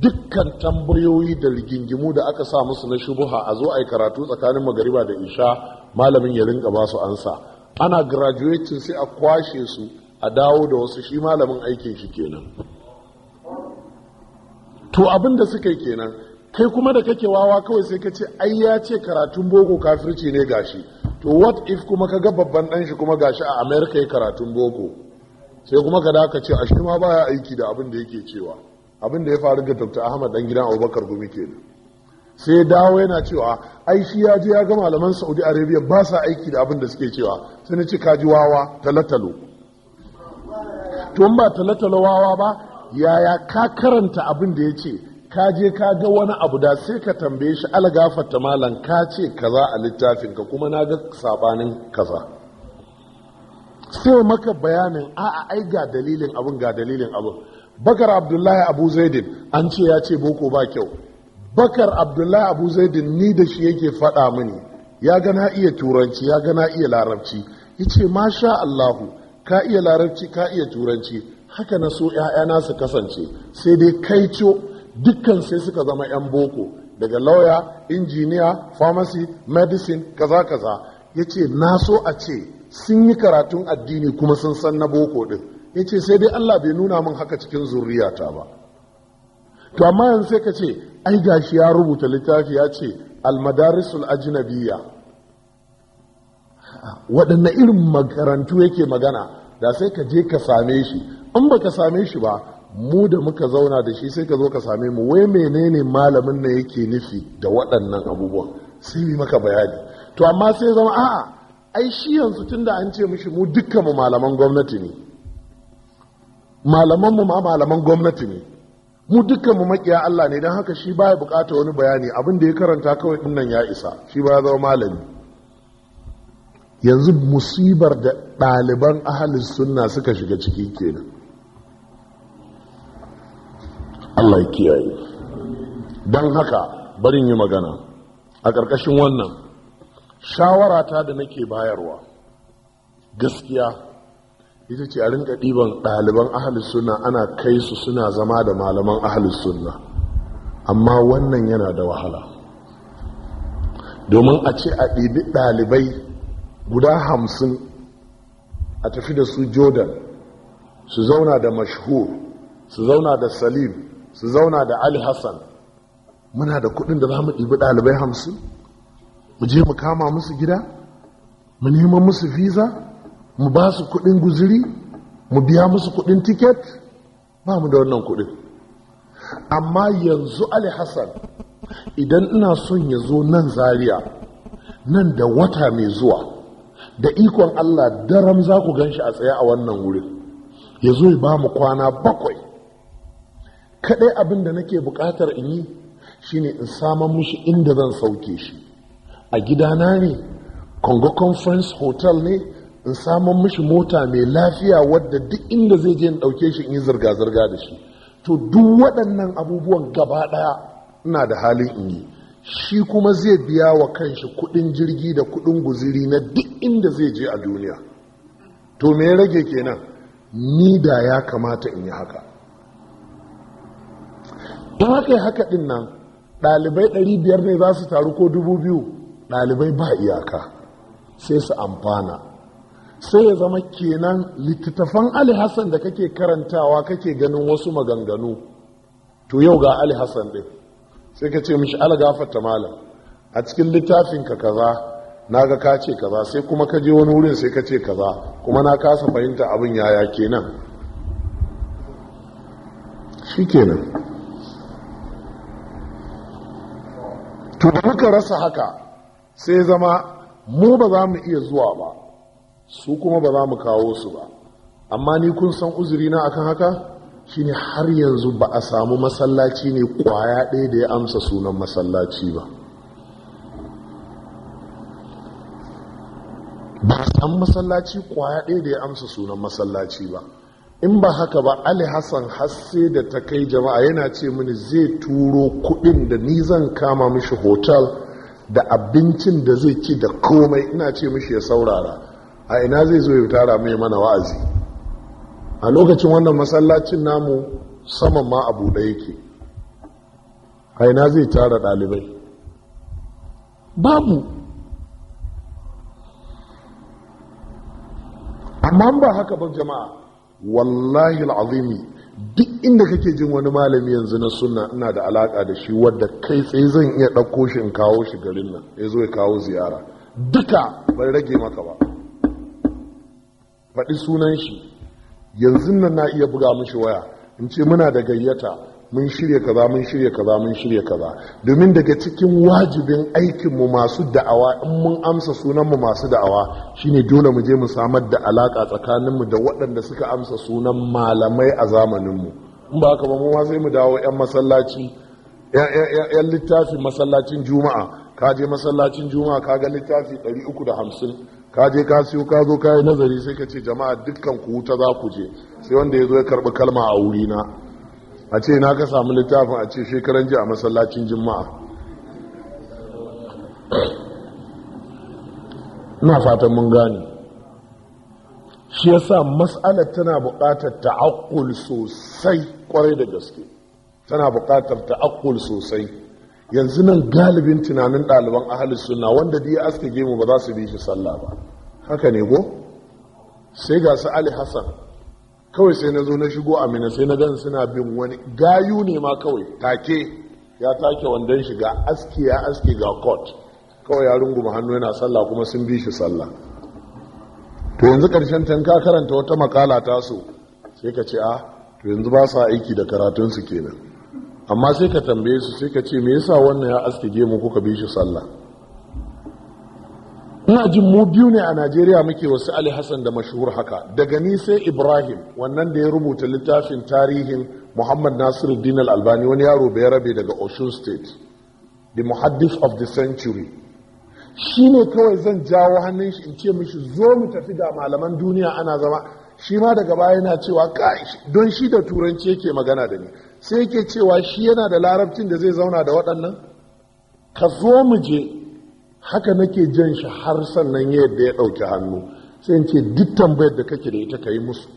dukkan tambayoyi da rigingimu da aka sa musu na shubuha a zo a yi karatu tsakanin magariba da isha malamin ya rinka ba su ansa ana graduating sai a kwashe su a dawo da wasu shi malamin aikin shi kenan to abin da suka yi kenan kai kuma da kake wawa kawai sai ka ce ai ya ce karatun boko kafirci ne gashi to what if kuma ka ga babban dan shi kuma gashi a america ya karatun boko sai kuma ka daka ce a shi ma baya aiki da abin da yake cewa abin da ya faru ga dr ahmad dan gidan abubakar gumi kenan sai dawo yana cewa ai shi ya je ya ga malaman saudi arabia ba sa aiki da abin da suke cewa sai na ce ji wawa talatalo tun ba wawa ba yaya ka karanta abin da ya ce ka je ka ga wani abu da sai ka tambaye shi algafarta malam ka ce kaza a littafin ka kuma na ga sabanin kaza sai maka bayanin a'a ai ga dalilin abin ga dalilin abin bakar abdullahi abu zaidin an ce ya ce boko ba kyau bakar abdullahi abu zaidin ni da shi yake faɗa mini ya gana iya turanci ya gana iya larabci ya ce masha allahu ka iya larabci ka iya turanci haka na so ‘ya'yana su kasance sai dai kai co dukkan sai suka zama ‘yan boko daga lauya injiniya pharmacy medicine kaza kaza ya ce na so a ce sun yi karatun addini kuma sun san na boko ɗin ya ce sai dai allah bai nuna min haka cikin zurriyata ba to amma yanzu sai ka ce ai gashi ya rubuta littafi ya ce almadarisul ajnabiyya waɗanne irin makarantu yake magana da sai ka je ka same shi in ba ka same shi ba mu da muka zauna da shi sai ka zo ka same mu wai menene malamin na yake nufi da waɗannan abubuwan sai yi maka bayani to amma sai zama a'a ai shi yanzu tunda an ce mishi mu dukkan mu malaman gwamnati ne malaman mu ma malaman gwamnati ne mu dukkan mu makiya Allah ne don haka shi baya bukata wani bayani abin da ya karanta kawai dinnan ya isa shi baya zama malami yanzu musibar da ɗaliban ahalin sunna suka shiga ciki kenan Allah ya kiyaye don haka barin yi magana a ƙarƙashin wannan shawarata da nake bayarwa gaskiya ita ce a rinka ɗiban ɗaliban ahalin sunna ana kai su suna zama da malaman ahalin sunna amma wannan yana da wahala domin a ce a ɗibi ɗalibai guda hamsin a tafi da su jordan su zauna da mashhur su zauna da salim su zauna da ali hassan muna da kudin da za mu ɗibi ɗalibai hamsin mu je mu kama musu gida mu neman musu visa mu ba su kudin guziri mu biya musu kudin tiket ba mu da wannan kudin amma yanzu ali hassan idan ina son ya zo nan Zariya, nan da wata mai zuwa da ikon Allah daram za ku gan shi a tsaye a wannan wurin ya zo ya ba mu kwana bakwai kaɗai abin da nake buƙatar in yi shine in saman mushi inda zan sauke shi a gidana ne congo conference hotel ne in saman mushi mota mai lafiya wadda duk inda zai je in ɗauke shi in yi zirga-zirga da shi to duk waɗannan abubuwan gaba ɗaya ina da halin in yi shi kuma zai biya wa kanshi kudin jirgi da kudin guziri na duk inda zai je a duniya to me rage kenan ni da ya kamata in yi haka don haka yi haka din nan ɗalibai 500 ne za su taru ko 2000 ɗalibai ba iyaka sai su amfana sai ya zama kenan littattafan ali hassan da kake karantawa kake ganin wasu maganganu to yau ga ali hassan ɗin sai ka ce mishi algafarta malam a cikin littafinka kaza na ga ka ce kaza sai kuma ka je wani wurin sai ka ce kaza kuma na kasa fahimta abin yaya kenan shi kenan to da muka rasa haka sai zama mu ba za mu iya zuwa ba su kuma ba za mu kawo su ba amma ni kun san uzuri na akan haka shine har yanzu ba a samu masallaci ne kwaya ɗaya da ya amsa sunan masallaci ba ba a samu masallaci kwaya ɗaya da ya amsa sunan masallaci ba in ba haka ba ali hassan hasse da ta kai jama'a yana ce mini zai turo kudin da ni zan kama mishi hotel da abincin da zai ci da komai ina ce mishi ya saurara a ina zai zo ya tara mai mana wa'azi a lokacin wannan masallacin namu saman ma abu da yake haina zai tara ɗalibai babu amma ba haka ba jama'a wallahi al'azimi duk inda kake jin wani malami yanzu na suna ina da alaka da shi wadda kai tsaye zan iya ɗauko shi in kawo shi garin nan ya zo ya kawo ziyara duka bai rage maka ba faɗi sunan shi yanzu nan na iya buga mishi waya in ce muna da gayyata mun shirya kaza mun shirya kaza mun shirya kaza domin daga cikin wajibin aikinmu masu da'awa in mun amsa sunanmu masu da'awa shine dole mu je mu samar da alaka tsakaninmu da waɗanda suka amsa sunan malamai a zamaninmu in ba haka ba mu ma sai mu dawo 'yan masallaci 'yan littafin masallacin juma'a ka je masallacin juma'a ka ga littafi 350 ka je ka siyo ka zo ka nazari sai ka ce jama'a dukkan ku wuta za ku je sai wanda ya zo ya karɓi kalma a wurina a ce na ka samu littafin a ce shekaran ji a masallacin jima'a na fatan mun gane shi ya sa mas'alar tana buƙatar ta'akul sosai kwarai da gaske tana buƙatar ta'akul sosai yanzu nan galibin tunanin ɗaliban ahli suna wanda da ya aske gemu ba za su bi shi sallah ba haka ne ko sai ga su ali hassan kawai sai na zo na shigo amina sai na gan suna bin wani gayu ne ma kawai take ya take wandon shiga ga aski ya aske ga court kawai ya runguma hannu yana sallah kuma sun bi shi sallah to yanzu karshen ka karanta wata makala taso sai ka ce a ah, to yanzu ba sa aiki da karatun karatunsu kenan amma sai ka tambaye su sai ka ce me yasa wannan ya aske gemu kuka bi shi sallah ina jin mu biyu ne a najeriya muke wasu ali hassan da mashuhur haka daga ni sai ibrahim wannan da ya rubuta littafin tarihin muhammad Nasiru al-albani wani yaro bai rabe daga osun state the muhaddis of the century shi ne kawai zan jawo hannun shi in ce mishi zo mu tafi ga malaman duniya ana zama shi ma daga baya yana cewa don shi da turanci yake magana da ni sai yake cewa shi yana da larabcin da zai zauna da waɗannan ka zo mu je haka nake jan shi har sannan yadda ya ɗauki hannu sai in ce duk tambayar da kake da ita ka yi musu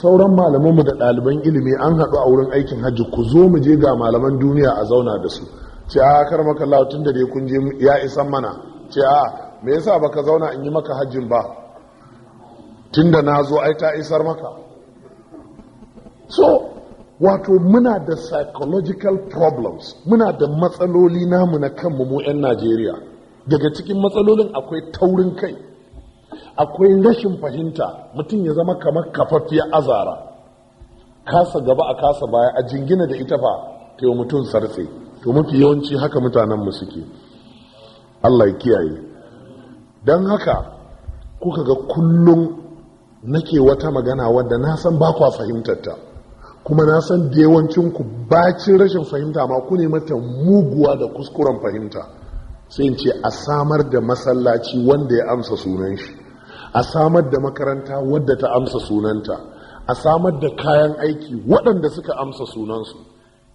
sauran malamanmu da ɗaliban ilimi an haɗu a wurin aikin hajji ku zo mu je ga malaman duniya a zauna da su ce a kar maka tun da dai kun je ya isan mana ce a me yasa baka zauna in yi maka hajjin ba tunda na zo ai ta isar maka so wato muna da psychological problems muna da matsaloli namu na kanmu mu 'yan najeriya daga cikin matsalolin akwai taurin kai akwai rashin fahimta mutum ya zama kamar kafaffiya azara kasa gaba a kasa baya a jingina da ita fa ta yi mutum sartse to mafi yawanci haka mutanenmu suke allah ya kiyaye don haka kuka ga kullum nake wata magana wadda na san ba kwa fahimtar ta kuma na san da yawancinku bacin rashin fahimta ma ku ne mata muguwa da kuskuren fahimta sai ce a samar da masallaci wanda ya amsa sunan shi a samar da makaranta wadda ta amsa sunanta a samar da kayan aiki waɗanda suka amsa sunansu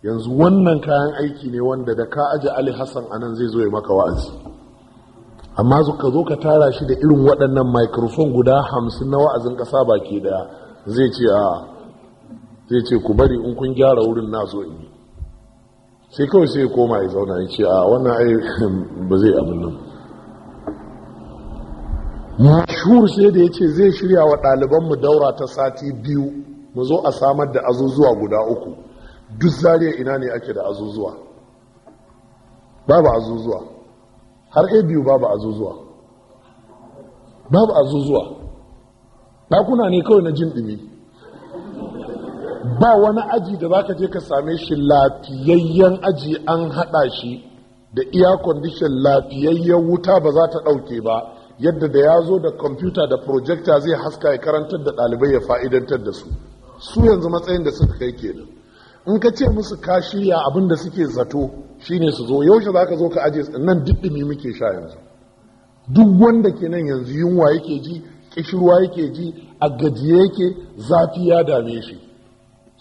yanzu wannan kayan aiki ne wanda da ka aji ali hassan anan zai zo ya maka wa'azi amma zu ka zo ka tara shi da irin waɗannan microphone guda hamsin na wa'azin ƙasa baki ɗaya zai ce a zai ce ku bari in kun gyara wurin na zo in yi sai kawai sai koma ya zauna ya ce a wannan ai ba zai abin nan mashur sai da ya ce zai shirya wa ɗalibanmu daura ta sati biyu mu zo a samar da azuzuwa guda uku duk zariya ina ne ake da azuzuwa babu azuzuwa har a biyu babu azuzuwa babu azuzuwa ɗakuna ne kawai na jin ɗumi ba wani aji da zaka je ka same shi lafiyayyen aji an haɗa shi da iya kwandishin lafiyayyen wuta ba za ta ɗauke ba yadda da ya zo da kwamfuta da projector zai haska ya karantar da ɗalibai ya fa'idantar da su su yanzu matsayin da suka kai kenan in ka ce musu ka shirya abin da suke zato shine su zo yaushe za ka zo ka ajiye nan diddimi muke sha yanzu duk wanda ke nan yanzu yunwa yake ji kishirwa yake ji a gajiye yake zafi ya dame shi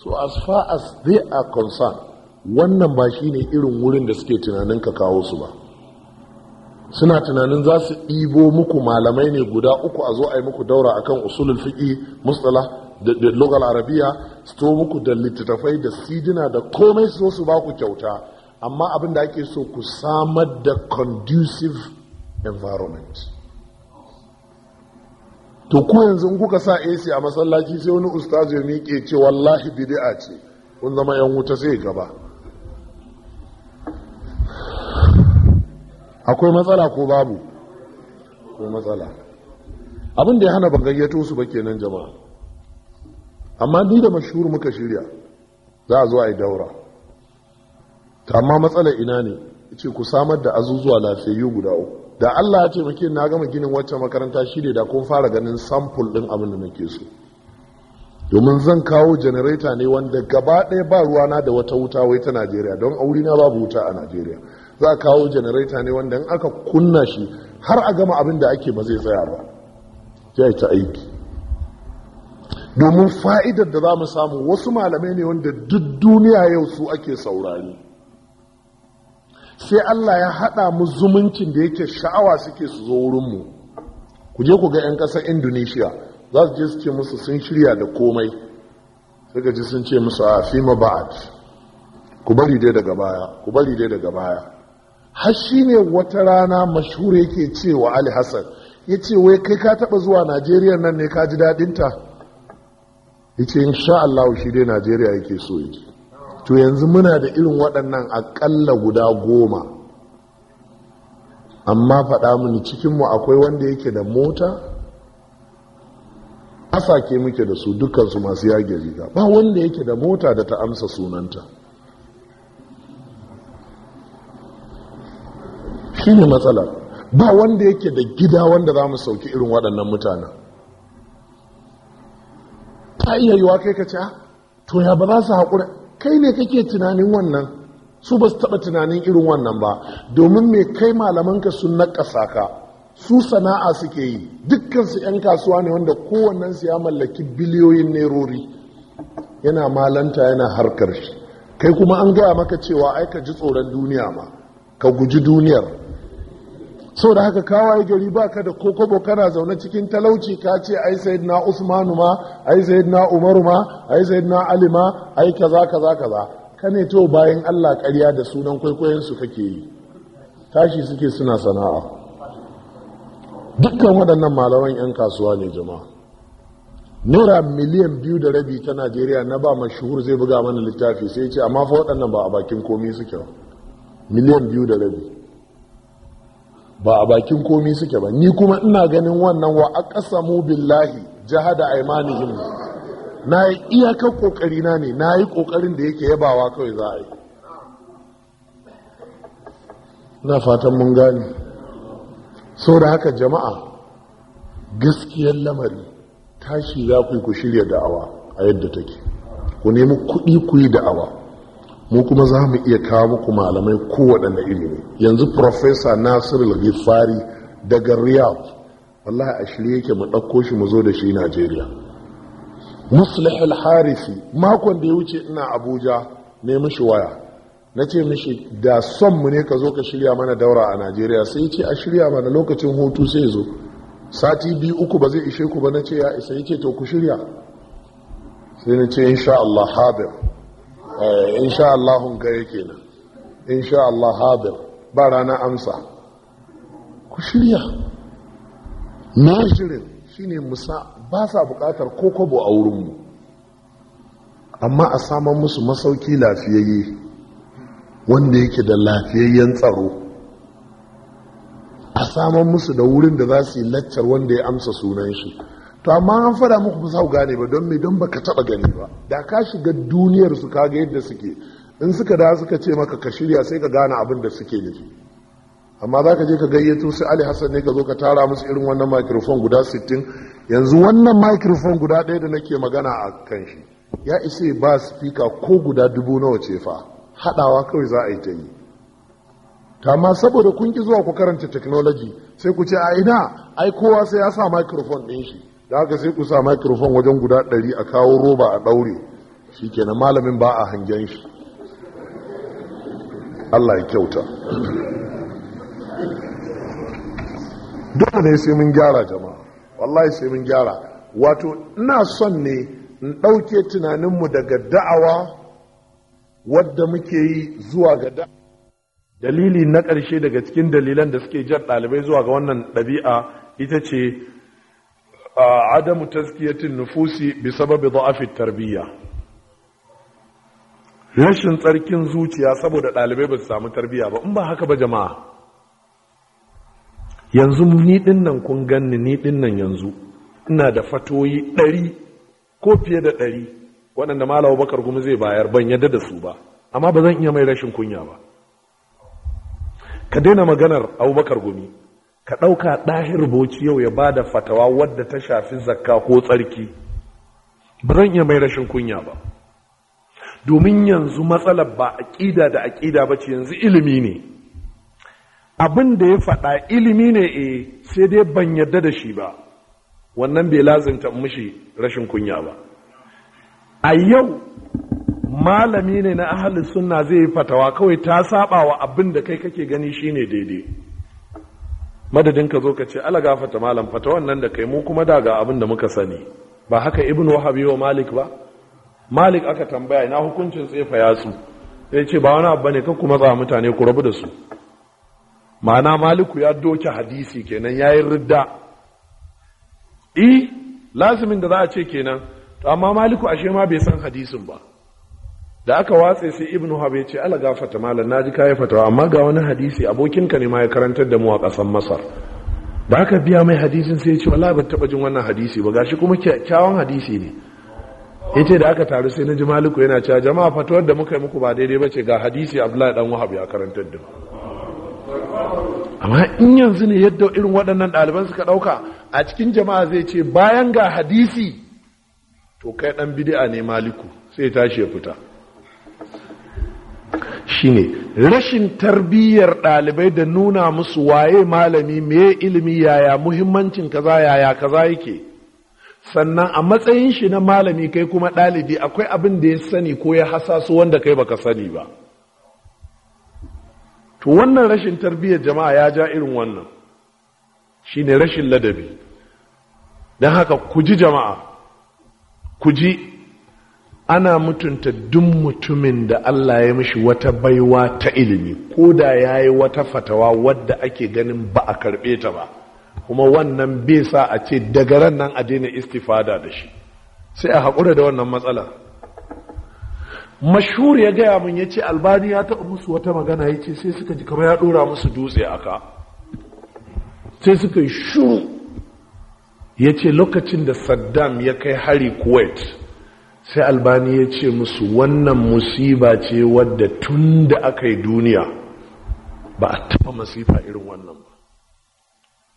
so as far as they are concerned wannan ba shi ne irin wurin da suke tunanin ka kawo su ba suna tunanin za su ɗibo muku malamai ne guda uku a zo a yi muku daura akan usulul fiƙi mustalah da local arabiya su to muku da littattafai da sidina da komai su su ba ku kyauta amma abin da ake so ku samar da conducive environment to ku yanzu in kuka sa AC a masallaci sai wani ustazu ya miƙe ce wallahi bid'a ce kun zama yan wuta sai gaba akwai matsala ko babu ko matsala abin da ya hana ban gayyato su ba kenan jama'a amma ni da mashhur muka shirya za a zo a yi daura amma matsalar ina ne ce ku samar da azuzuwa lafiyayyu guda uku da Allah ya taimake na gama ginin wacce makaranta shi da kun fara ganin samful din abin da nake so domin zan kawo janareta ne wanda gaba ɗaya ba ruwa na da wata wuta wai ta najeriya don na babu wuta a najeriya za a kawo janareta ne wanda in aka kunna shi har a gama abin da ake ba zai tsaya ba ya ta aiki domin fa'idar da za mu samu wasu malamai ne wanda duk duniya yau su ake saurari sai Allah ya haɗa mu zumuncin da yake sha'awa suke su zo wurinmu ku je ku ga 'yan ƙasar indonesia za su je su ce musu sun shirya da komai suka ji sun ce musu a ah, fima ba'ad ku bari dai daga baya ku bari dai daga baya har shi ne wata rana mashhur yake ce wa ali hassan ya ce wai kai ka taɓa zuwa najeriya nan ne ka ji daɗinta ya ce insha allahu shi dai najeriya yake so yake to yanzu muna da irin waɗannan aƙalla guda goma amma faɗa mini cikinmu akwai wanda yake da mota asake muke da su dukansu masu yage riga ba wanda yake da mota da ta amsa sunanta shi ne matsala ba wanda yake da gida wanda za mu sauki irin waɗannan mutanen ta iya yiwa kai ka ah, to ya ba za su haƙura kai ne kake tunanin wannan su ba su taɓa tunanin irin wannan ba domin mai kai malamanka sun naƙasa ka su sana'a suke yi dukkansu 'yan kasuwa ne wanda kowannensu ya mallaki biliyoyin nerori yana malanta yana harkar shi kai kuma an gaya maka cewa ai ka ji tsoron duniya ma ka guji duniyar da haka kawaye gari ba ka da kokobo kana zaune cikin talauci ka ce ai na usmanu ma ai na umaru ma ai na ali ma ai kaza kaza kaza kane to bayan Allah ƙarya da sunan kwaikwayon su kake yi tashi suke suna sana'a dukkan waɗannan malaman 'yan kasuwa ne jama'a naira miliyan biyu da rabi ta najeriya na ba mashuhur zai buga mana littafi sai ce amma fa waɗannan ba a bakin komi suke miliyan biyu da rabi ba a bakin komi suke ba ni kuma ina ganin wannan wa a ƙasa mu billahi jahada aymanihim na yi iyakar ƙoƙari na ne na yi ƙoƙarin da yake yabawa kawai za a yi na fatan mun gane Sau da haka jama'a gaskiyar lamari tashi za ku yi ku shirya da'awa a yadda take ku nemi kuɗi ku yi da'awa mu kuma za mu iya kawo muku malamai waɗanda ilimi yanzu profesa nasiru gifari daga riyadh wallahi a shirye yake mu ɗauko shi mu zo da shi najeriya muslihul harisi makon da ya wuce ina abuja ne mishi waya na ce mishi da son mu ne ka zo ka shirya mana daura a najeriya sai ce a shirya mana lokacin hutu sai zo sati biyu uku ba zai ishe ku ba na ce ya isa yake to ku shirya sai na ce insha Allah habir Eh, insha Allah gare kenan insha Allah hadir ba rana amsa ku shirya Na shirin shine musa ba sa bukatar ko kwabo a wurinmu amma a saman musu masauki lafiyayye wanda yake da lafiyayyen tsaro a saman musu da wurin da za su yi laccar wanda ya amsa sunan shi to amma an fada muku ba ku gane ba don me don baka taba gani ba da ka shiga duniyar su kaga yadda suke in suka da suka ce maka ka shirya sai ka gane abin da suke nufi amma za ka je ka gayyato su ali hassan ne ka zo ka tara musu irin wannan microphone guda 60 yanzu wannan microphone guda ɗaya da nake magana a kan shi ya isa ba speaker ko guda dubu nawa ce fa haɗawa kawai za a yi ta yi amma saboda kun ki zuwa ku karanta technology sai ku ce a ina ai kowa sai ya sa microphone ɗin shi da haka sai ku sa microphone wajen guda ɗari a kawo roba a ɗaure shi kenan malamin ba a hangen shi allah ya kyauta dole ne sai mun gyara jama'a wallahi sai mun gyara wato ina son ne in ɗauke tunaninmu daga da'awa wadda muke yi zuwa ga da'awa dalili na ƙarshe daga cikin dalilan da suke jar ɗalibai zuwa ga wannan ɗabi'a ita ce عدم تزكية النفوس بسبب ضعف tarbiyya. rashin tsarkin zuciya saboda ɗalibai ba su samu tarbiyya ba in ba haka ba jama'a yanzu ni ɗin nan kun ganni ni ɗin nan yanzu ina da fatoyi ɗari ko fiye da ɗari waɗanda malawa bakar kuma zai bayar ban yadda da su ba amma ba zan iya mai rashin kunya ba ka daina maganar abubakar gumi ka ɗauka ɗahir boci yau ya ba da fatawa wadda ta shafi zakka ko tsarki ba zan iya mai rashin kunya ba domin yanzu matsalar ba aƙida da aƙida ba ce yanzu ilimi ne abin da ya faɗa ilimi ne e sai dai ban yarda da shi ba wannan bai ta mushi rashin kunya ba a yau malami ne na ahalin sunna zai yi fatawa kawai ta saba wa abin da kai kake gani shine daidai madadin ka zo ka ce ala gafata malam fata wannan da kai mu kuma da ga abin da muka sani ba haka ibnu wahab wa malik ba malik aka tambaya ina hukuncin tsefa yatsu sai ce ba wani abu bane ka kuma za mutane ku rabu da su ma'ana maliku ya doke hadisi kenan yayin ridda i lazimin da za a ce kenan to amma maliku ashe ma bai san hadisin ba da aka watse sai ibnu hab ya ce ala gafata malam naji kai fatawa amma ga wani hadisi abokin ka ne ma ya karantar da mu a kasan masar da aka biya mai hadisin sai ya ce wallahi ban taba jin wannan hadisi ba gashi kuma kyakkyawan hadisi ne yace da aka taru sai naji maliku yana cewa jama'a fatawar da muka yi muku ba daidai ba ce ga hadisi abdullahi dan wahab ya karantar da amma in yanzu ne yadda irin waɗannan ɗaliban suka ɗauka a cikin jama'a zai ce bayan ga hadisi to kai ɗan bidi'a ne maliku sai tashi ya fita shine rashin tarbiyyar ɗalibai da nuna musu waye malami me ilimi yaya muhimmancin kaza yaya kaza yake sannan a matsayin shi na malami kai kuma ɗalibi akwai abin da ya sani ko ya hasasu wanda kai baka sani ba to wannan rashin tarbiyyar jama'a ya ja irin wannan shine rashin ladabi don haka ku ji jama'a ku ji ana mutunta duk mutumin da Allah ya mishi wata baiwa ta ilimi ko da ya yi wata fatawa wadda ake ganin ba a karɓe ta ba kuma wannan bai sa a ce daga rannan nan a daina istifada da shi sai a haƙura da wannan matsala mashhur ya gaya mun ya ce albani ya taɓa musu wata magana ya ce sai suka ji kamar ya ɗora musu dutse a ka sai suka yi shuru ya ce lokacin da saddam ya kai hari kuwait sai albani ya ce musu wannan musiba ce wadda tun da aka yi duniya ba a taba masifa irin wannan ba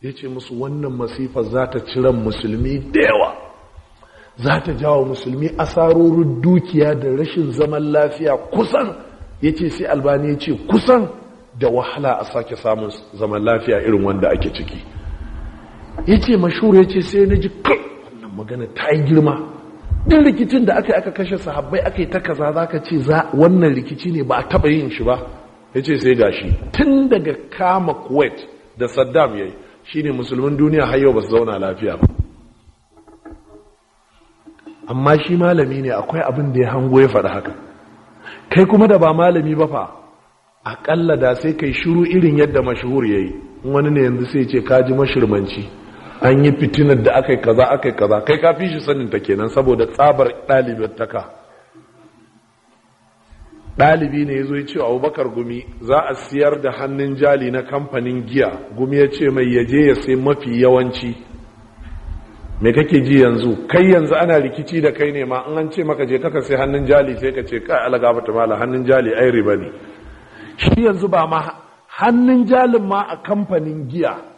ya ce musu wannan masifa za ta ciran musulmi da yawa za ta jawo musulmi asarorin dukiya da rashin zaman lafiya kusan ya ce sai albani ya ce kusan da wahala a sake samun zaman lafiya irin wanda ake ciki ya ce mashuru ya ce sai na ji kai wannan magana ta yi girma din rikicin da aka aka kashe sahabbai aka yi ta kaza za ka ce za wannan rikici ne ba a taɓa yin shi ba ya ce sai gashi tun daga kama kuwait da saddam ya yi shi ne musulmin duniya har yau ba su zauna lafiya ba amma shi malami ne akwai abin da ya hango ya faɗi haka kai kuma da ba malami ba fa aƙalla da sai kai shiru irin yadda mashuhur ya yi wani ne yanzu sai ce ji mashirmanci an yi fitinar da aka yi kaza aka yi kaza kai fi shi sanin ta kenan saboda tsabar ɗalibin taka ɗalibi ne ya zo ya ce abubakar gumi za a siyar da hannun jali na kamfanin giya gumi ya ce mai yaje ya sai mafi yawanci me kake ji yanzu kai yanzu ana rikici da kai ne ma an an ce maka je kaka sai hannun jali sai ka ce alaga bata mala hannun jali ai riba ne shi yanzu ba ma hannun jalin ma a kamfanin giya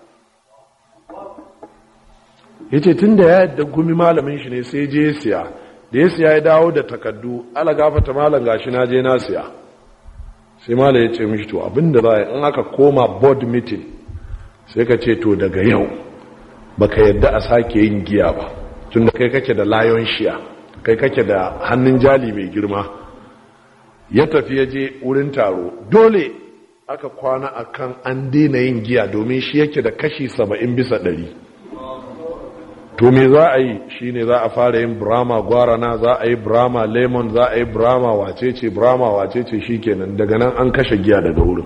ya ce tun da ya yadda gumi malamin shi ne sai je siya da ya siya ya dawo da takaddu ala gafata malam gashi na je na siya sai malam ya ce mishi to abinda za a in aka koma board meeting sai ka ce to daga yau baka yadda a sake yin giya ba tun da kai kake da layon shiya kai kake da hannun jali mai girma ya tafi ya je wurin taro dole aka kwana a kan an daina yin giya domin shi yake da kashi saba'in bisa ɗari to me za a yi shi ne za a fara yin brahma gwarana za a yi brahma lemon za a yi brahma wacece brahma wacece shi kenan daga nan an kashe giya daga wurin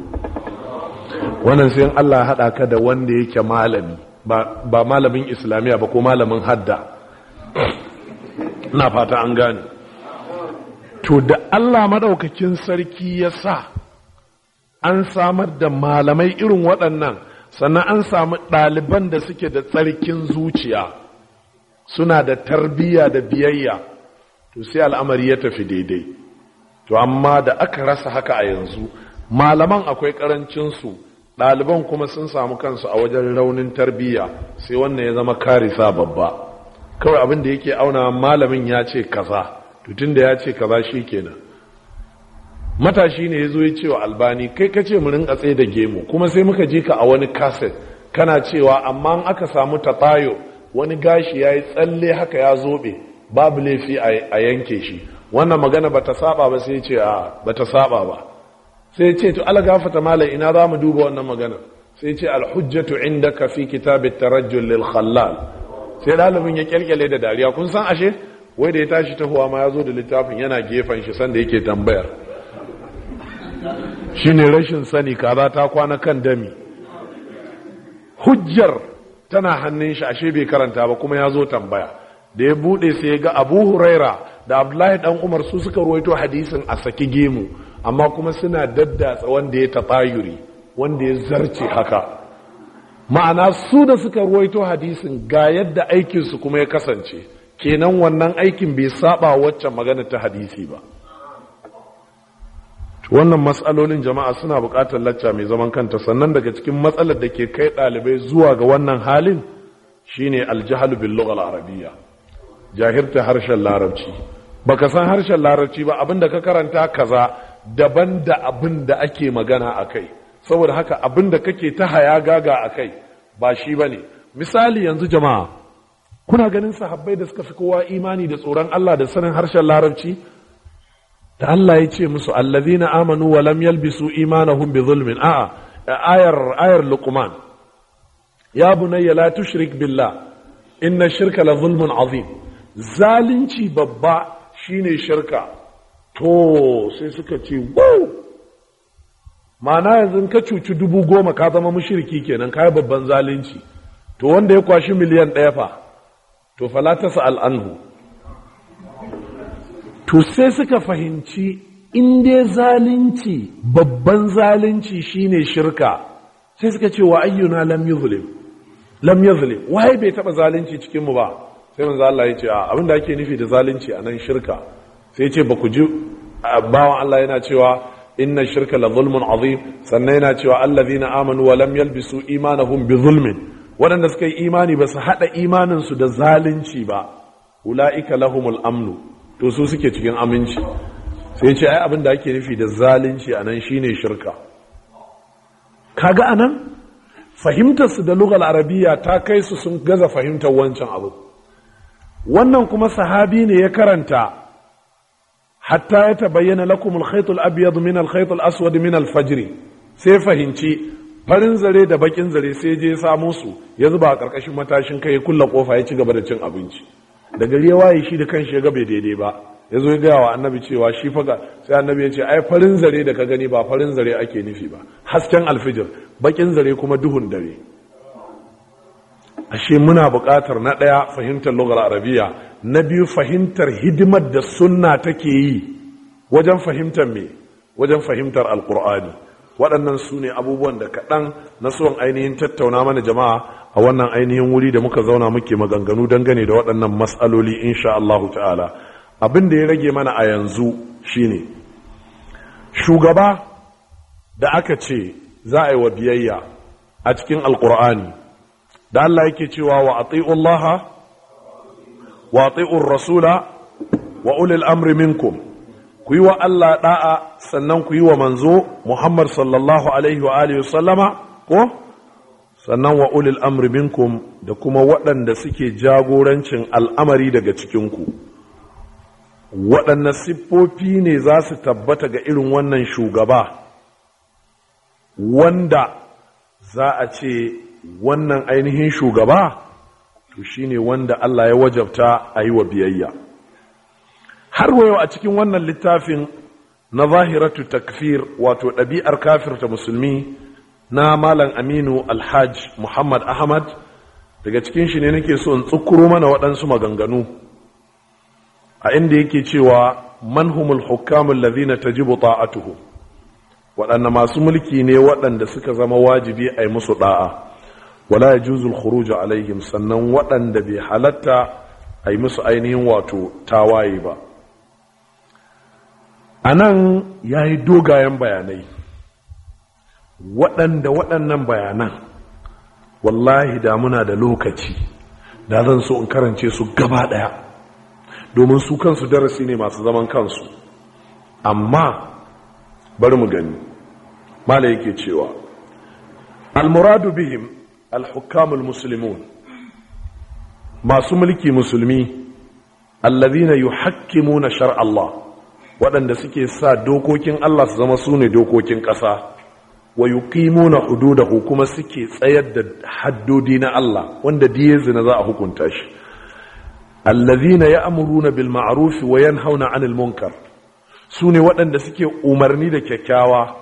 wannan sai allah haɗa ka da wanda yake malami ba malamin islamiyya ba ko malamin hadda na fata an gane to da allah maɗaukakin sarki ya sa an samar da malamai irin waɗannan sannan an samu ɗaliban da suke da tsarkin zuciya suna da tarbiya da biyayya to sai al'amari ya tafi daidai to amma da aka rasa haka a yanzu malaman akwai karancinsu ɗaliban kuma sun samu kansu a wajen raunin tarbiya sai wannan ya zama karisa babba kawai abin da yake auna malamin ya ce kaza tutun da ya ce kaza shi kenan matashi ne ya zo ya wa albani kai ka ce mu rinka tsaye da gemu kuma sai muka je ka a wani kaset kana cewa amma aka samu tatayo wani gashi ya yi tsalle haka ya zobe babu laifi a yanke shi wannan magana ba ta saba ba sai ce a ba ta saba ba sai ce to ala gafata malai ina za mu duba wannan magana sai ce alhujjatu indaka fi kitabit tarajjul lil khallal sai dalibin ya kyalkyale da dariya kun san ashe wai da ya tashi tahowa ma ya zo da littafin yana gefen shi sanda yake tambayar shine rashin sani kaza ta kwana kan dami hujjar tana hannun shi ashe bai karanta ba kuma ya zo tambaya da ya bude sai ga abu huraira da abdullahi ɗan umar su suka ruwaito hadisin a saki gemu amma kuma suna daddatsa wanda ya yuri wanda ya zarce haka ma'ana su da suka ruwaito hadisin ga yadda aikinsu kuma ya kasance kenan wannan aikin bai saɓa waccan magana ta hadisi ba wannan matsalolin jama'a suna buƙatar lacca mai zaman kanta sannan daga cikin matsalar da ke kai ɗalibai zuwa ga wannan halin shine aljahalu bil lughal arabiyya jahirta harshen larabci baka san harshen larabci ba abinda ka karanta kaza daban da abin da ake magana a kai saboda haka abin da kake ta haya gaga a kai ba shi ba ne misali yanzu jama'a kuna ganin sahabbai da suka fi kowa imani da tsoron Allah da sanin harshen larabci da Allah ya ce musu allazina amanu wa yalbisu imanahum bi zulmin a'a ayar ayar luqman ya bunayya la tushrik billah inna shirka la zulmun azim zalunci babba shine shirka to sai suka ce wow ma'ana yanzu ka cuci dubu goma ka zama mushriki kenan kai babban zalunci to wanda ya kwashi miliyan ɗaya fa to fala tasal anhu to sai suka fahimci in dai zalunci babban zalunci shine shirka sai suka ce wa ayyuna lam yuzlim lam yuzlim wai bai taba zalunci cikin mu ba sai manzo Allah ya ce a abinda ake nufi da zalunci anan shirka sai ya ce ba ku ji bawan Allah yana cewa inna shirka la zulmun azim sannan yana cewa allazina amanu wa lam yalbisu imanahum bi zulmin waɗanda suka yi imani ba su haɗa imaninsu da zalunci ba ula'ika lahumul amnu to su suke cikin aminci sai ce ai abin da ake nufi da zalunci a nan shine shirka kaga a nan fahimtarsu da lugal arabiya ta kai su sun gaza fahimtar wancan abu wannan kuma sahabi ne ya karanta hatta ya tabayyana lakum al-khayt al-abyad min al-khayt al-aswad min al-fajr sai fahimci farin zare da bakin zare sai je samo su ya zuba a karkashin matashin kai ya kulla kofa ya ci gaba da cin abinci da gari ya waye shi da kanshi ya ga daidai ba ya zo ya gaya wa annabi cewa shi faga sai annabi ya ce ai farin zare da ka gani ba farin zare ake nufi ba hasken alfijir bakin zare kuma duhun dare ashe muna buƙatar na ɗaya fahimtar lugar arabiya na biyu fahimtar hidimar da sunna take yi wajen fahimtar me wajen fahimtar alƙur'ani waɗannan su ne abubuwan da kaɗan na son ainihin tattauna mana jama'a a wannan ainihin wuri da muka zauna muke maganganu dangane da waɗannan matsaloli insha Allah ta'ala abin da ya rage mana a yanzu shine shugaba da aka ce za a yi wa biyayya a cikin alkur'ani da Allah yake cewa wa ati'un wa rasula wa ulil amri minkum ku yi wa Allah ɗa'a sannan ku yi wa manzo Muhammad sallallahu alaihi wa alihi sallama ko sannan wa ulil amri minkum da kuma waɗanda suke jagorancin al'amari daga cikinku waɗanne siffofi ne za su tabbata ga irin wannan shugaba wanda za a ce wannan ainihin shugaba to shine wanda Allah ya wajabta a yi wa biyayya har wayo a cikin wannan littafin na zahiratu takfir wato ɗabi'ar kafirta musulmi na malam aminu alhaj muhammad ahmad daga cikin shi ne nake so in tsukuro mana waɗansu maganganu a inda yake cewa manhumul hukamun lazina ta jibu ta'atuhu waɗanda masu mulki ne waɗanda suka zama wajibi a yi musu ɗa'a wala ya juzul khuruju alaihim sannan waɗanda bai halatta a yi musu ainihin wato tawaye ba a nan ya yi dogayen bayanai waɗanda waɗannan bayanan wallahi da muna da lokaci da zan so in karance su gaba ɗaya domin su kansu darasi ne masu zaman kansu amma bari mu gani mala yake cewa almuradu bihim alhukamul musulmun masu mulki musulmi allazina yuhakkimuna shar'a Allah waɗanda suke sa dokokin Allah su zama su ne dokokin ƙasa wa yuqimuna hududahu kuma suke tsayar da haddodi na Allah wanda diye zina za a hukunta shi ya ya'muruna na bilma'arufi wa hauna 'anil munkar su ne waɗanda suke umarni da kyakkyawa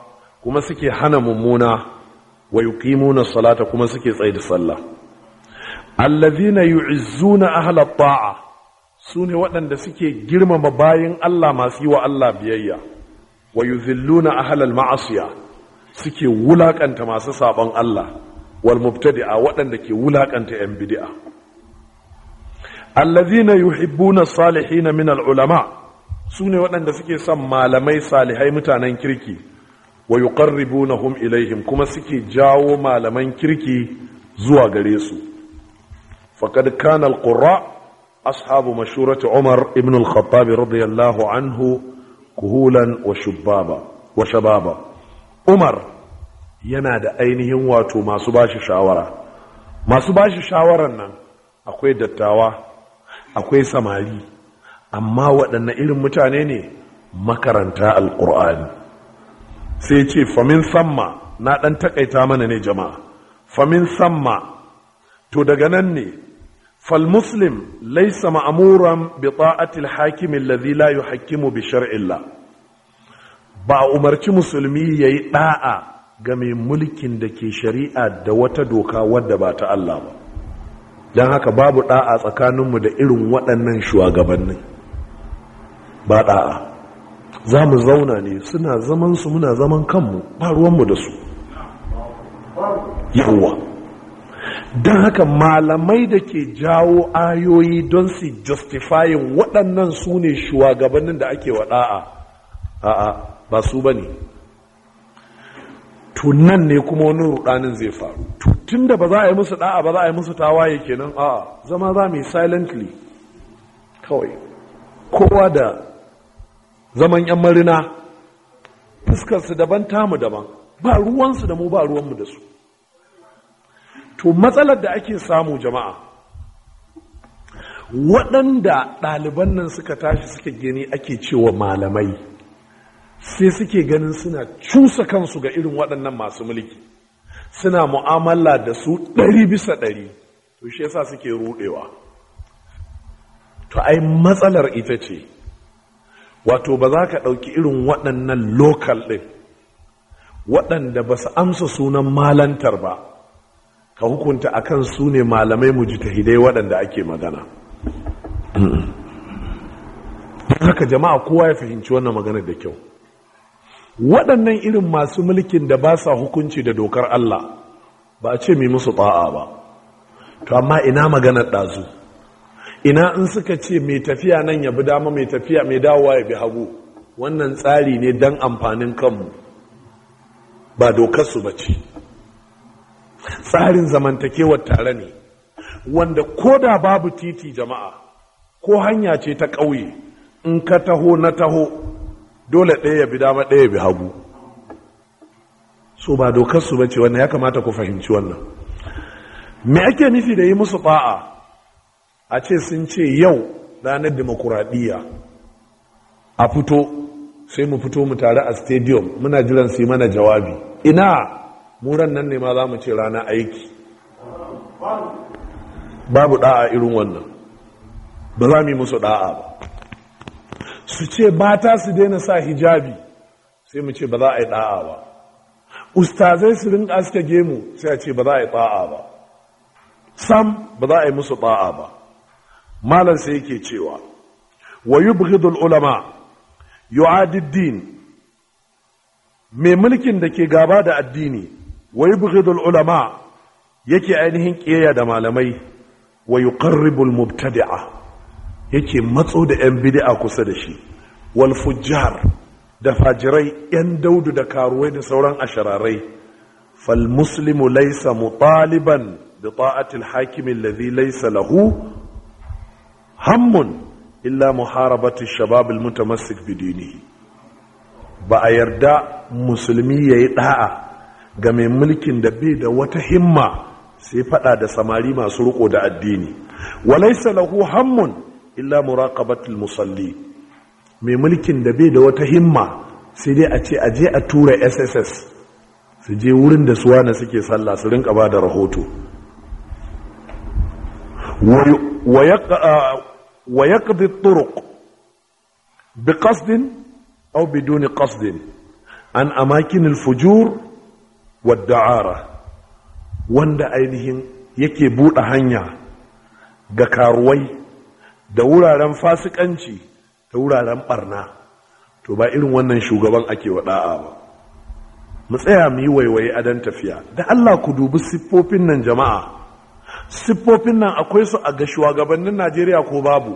kuma suke hana mummuna wa na salata kuma suke tsaye da sallah allazina yu'izzuna ahla ta'a su ne waɗanda suke girmama bayan Allah masu yi wa Allah biyayya wa a halal ma'asiya suke wulakanta masu sabon Allah wal mubtadi'a waɗanda ke wulakanta yan bid'a allazina yuhibbuna salihina min al ulama su ne waɗanda suke son malamai salihai mutanen kirki wa yuqarribunahum ilaihim kuma suke jawo malaman kirki zuwa gare su faqad kana al qurra أصحاب مشورة عمر ابن الخطاب رضي الله عنه كهولا وشبابا وشبابا عمر ينادى أينهم واتو ما سباش شاورا ما سباش شاورا نان أكوي دتاوا أكوي سمالي أما ودن إلم متانيني مكرنتا القرآن سيتي فمن ثم na ɗan takaita mana ne jama'a famin samma to daga nan ne Falmuslim ليس مأمورا بطاعة الحاكم الذي لا يحكم بشرع الله ba umarci musulmi ya yi ɗa'a ga mai mulkin da ke shari'a da wata doka wadda ba ta Allah ba don haka babu ɗa'a tsakaninmu da irin waɗannan shugabannin ba ɗa'a za mu zauna ne suna zamansu muna zaman kanmu ba ruwanmu da su yawwa don haka malamai da ke jawo ayoyi don su justifying waɗannan su ne shugabannin da ake waɗa a'a ba su ba ne tunan ne kuma wani rudanin zai faru tun da ba za a yi musu ɗa'a ba za a yi musu tawaye kenan a'a zama za mu yi silently kawai kowa da zaman yan marina fuskarsu daban tamu daban ba ruwansu da mu ba ruwanmu da su to matsalar da ake samu jama'a waɗanda ɗaliban nan suka tashi suka gani ake cewa malamai sai suke ganin suna cusa kansu ga irin waɗannan masu mulki suna mu'amala da su ɗari bisa ɗari to shi yasa suke ruɗewa to ai matsalar ita ce wato ba za ka ɗauki irin waɗannan lokal ɗin waɗanda ba su amsa sunan malantar ba ka hukunta akan su ne malamai mujtahidai waɗanda ake magana haka jama'a kowa ya fahimci wannan magana da kyau waɗannan irin masu mulkin da ba sa hukunci da dokar Allah ba a ce mai musu ta'a ba to amma ina maganar ɗazu ina in suka ce mai tafiya nan ya bi dama mai tafiya mai dawowa ya bi hagu wannan tsari ne don amfanin kanmu ba dokarsu ba ce tsarin zamantakewar tare ne wanda ko da babu titi jama'a ko hanya ce ta ƙauye in ka taho na taho dole ɗaya ya bi dama ɗaya ya bi hagu so ba dokar su ce wannan ya kamata ku fahimci wannan me ake nufi da yi musu ba'a a ce sun ce yau ranar demokuraɗiyya a fito sai mu fito mu tare a stadium muna jiran su yi mana jawabi ina muran nan ne ma za mu ce rana aiki babu da'a irin wannan ba za mu yi musu da'a ba su ce mata su daina sa hijabi sai mu ce ba za a yi da'a ba ustazai su rinka aske gemu sai a ce ba za a yi da'a ba sam ba za a yi musu da'a ba malam sai yake cewa wa yubghidul ulama yu'adid mai mulkin da ke gaba da addini wa yubghidul ulama yake ainihin ƙeya da malamai wa yuqarribul mubtadi'a yake matso da yan bidi'a kusa da shi wal fujjar da fajirai yan daudu da karuwai da sauran ashararai fal muslimu laisa mutaliban bi ta'ati hakimin hakim laisa lahu hammun illa muharabatu shabab al mutamassik ba a yarda musulmi yayi da'a ga mai mulkin da bai da wata himma sai fada da samari masu riko da addini walaysa lahu hammun illa muraqabatul musalli mai mulkin da bai da wata himma sai dai a ce aje a tura SSS su je wurin da suwana suke sallah su rinka ba da rahoto wa yaqdi turuq bi qasdin aw biduni qasdin an amakin al-fujur wadda'ara wanda ainihin yake buɗe hanya ga karuwai da wuraren fasikanci da wuraren barna to ba irin wannan shugaban ake wa da'a ba mu tsaya mu yi waiwaye a dan tafiya da Allah ku dubi siffofin nan jama'a siffofin nan akwai su a ga shugabannin Najeriya ko babu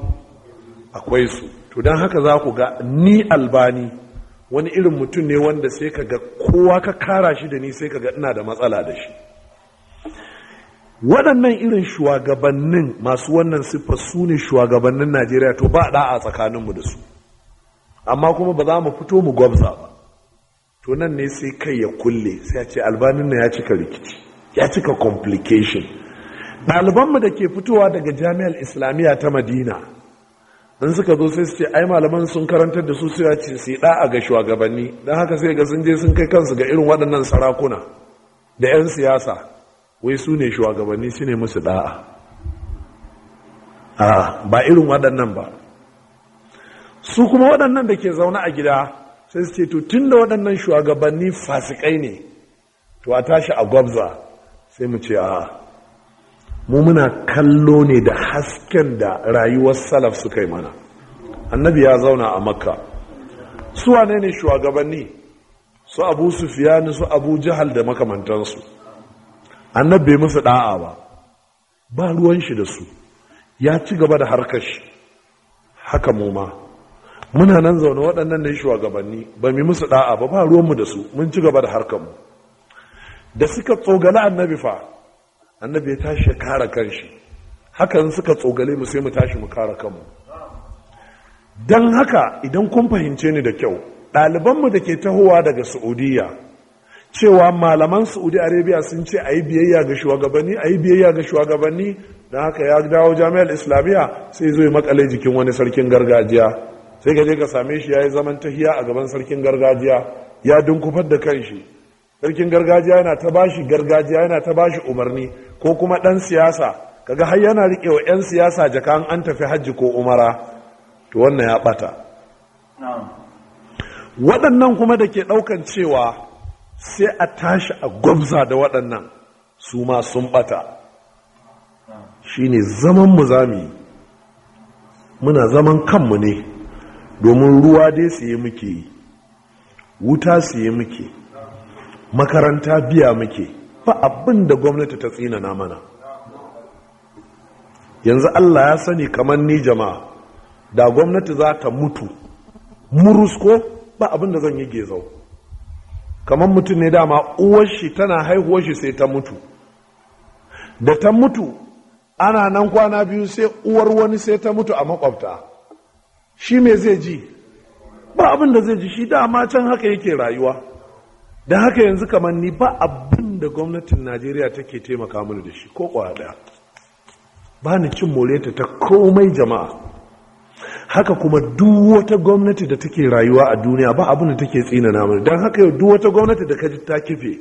akwai su to don haka za ku ga ni albani wani irin mutum ne wanda sai ka ga kowa ka kara shi da ni sai ka ga ina da matsala da shi waɗannan irin shugabannin masu wannan siffa su ne shugabannin najeriya to ba ɗa'a tsakaninmu da su amma kuma ba za mu fito mu gwabza ba to nan ne sai kai ya kulle sai ya ce albanin na ya cika rikici ya cika complication ɗalibanmu da ke fitowa daga jami'ar islamiyya ta madina dan suka zo sai su ce ai malaman sun karantar da su suya ce su da'a ga shugabanni don haka sai ga sun je sun kai kansu ga irin waɗannan sarakuna da 'yan siyasa wai su ne shugabanni su ne musu da'a ba irin waɗannan ba su kuma waɗannan da ke zaune a gida sai su ce to tun da waɗannan shugabanni fasikai ne to a tashi a gwabza sai mu ce a mu muna kallo ne da hasken da rayuwar salaf suka yi mana annabi ya zauna a makka su wane ne shugabanni su abu sufiyani su abu Jihal da makamantansu annabi musu da'a ba ba ruwan shi da su ya ci gaba da harkar shi haka mu ma muna nan zaune waɗannan ne shugabanni ba mu musu da'a ba ba ruwanmu da su mun ci gaba da harkar mu da suka tsogala annabi fa annabi ya tashi ya kare kanshi hakan suka tsogale mu sai mu tashi mu kare kanmu don haka idan kun fahimce ni da kyau ɗalibanmu da ke tahowa daga saudiya cewa malaman saudi arabia sun ce a yi biyayya ga shugabanni a yi biyayya ga shugabanni don haka ya dawo jami'ar islamiyya sai zo ya makale jikin wani sarkin gargajiya sai ka je ka same shi ya yi zaman tahiya a gaban sarkin gargajiya ya dunkufar da kanshi sarkin gargajiya yana ta bashi gargajiya yana ta bashi umarni ko kuma ɗan siyasa kaga har yana riƙe wa 'yan siyasa jaka an tafi hajji ko umara to wannan ya ɓata waɗannan kuma da ke ɗaukan cewa sai a tashi a gwabza da waɗannan su ma sun ɓata shi ne zaman mu zami muna zaman kanmu ne domin ruwa dai siye muke wuta siye muke makaranta biya muke ba abin da gwamnati ta tsinana mana yanzu allah ya sani kamar ni jama'a da gwamnati za ta mutu murusko ba abin da zan yi gezau kamar mutum ne dama uwar shi tana haihuwar shi sai ta mutu da ta mutu ana nan kwana biyu sai uwar wani sai ta mutu a makwabta shi me zai ji ba abin da zai ji shi dama can haka yake rayuwa don haka yanzu kamar ni ba abin da gwamnatin najeriya take taimaka mini da shi ko kwada ba ni cin more ta komai jama'a haka kuma duwata wata gwamnati da take rayuwa a duniya ba abin da take tsina mana. don haka yau du wata gwamnati da kaji ta kife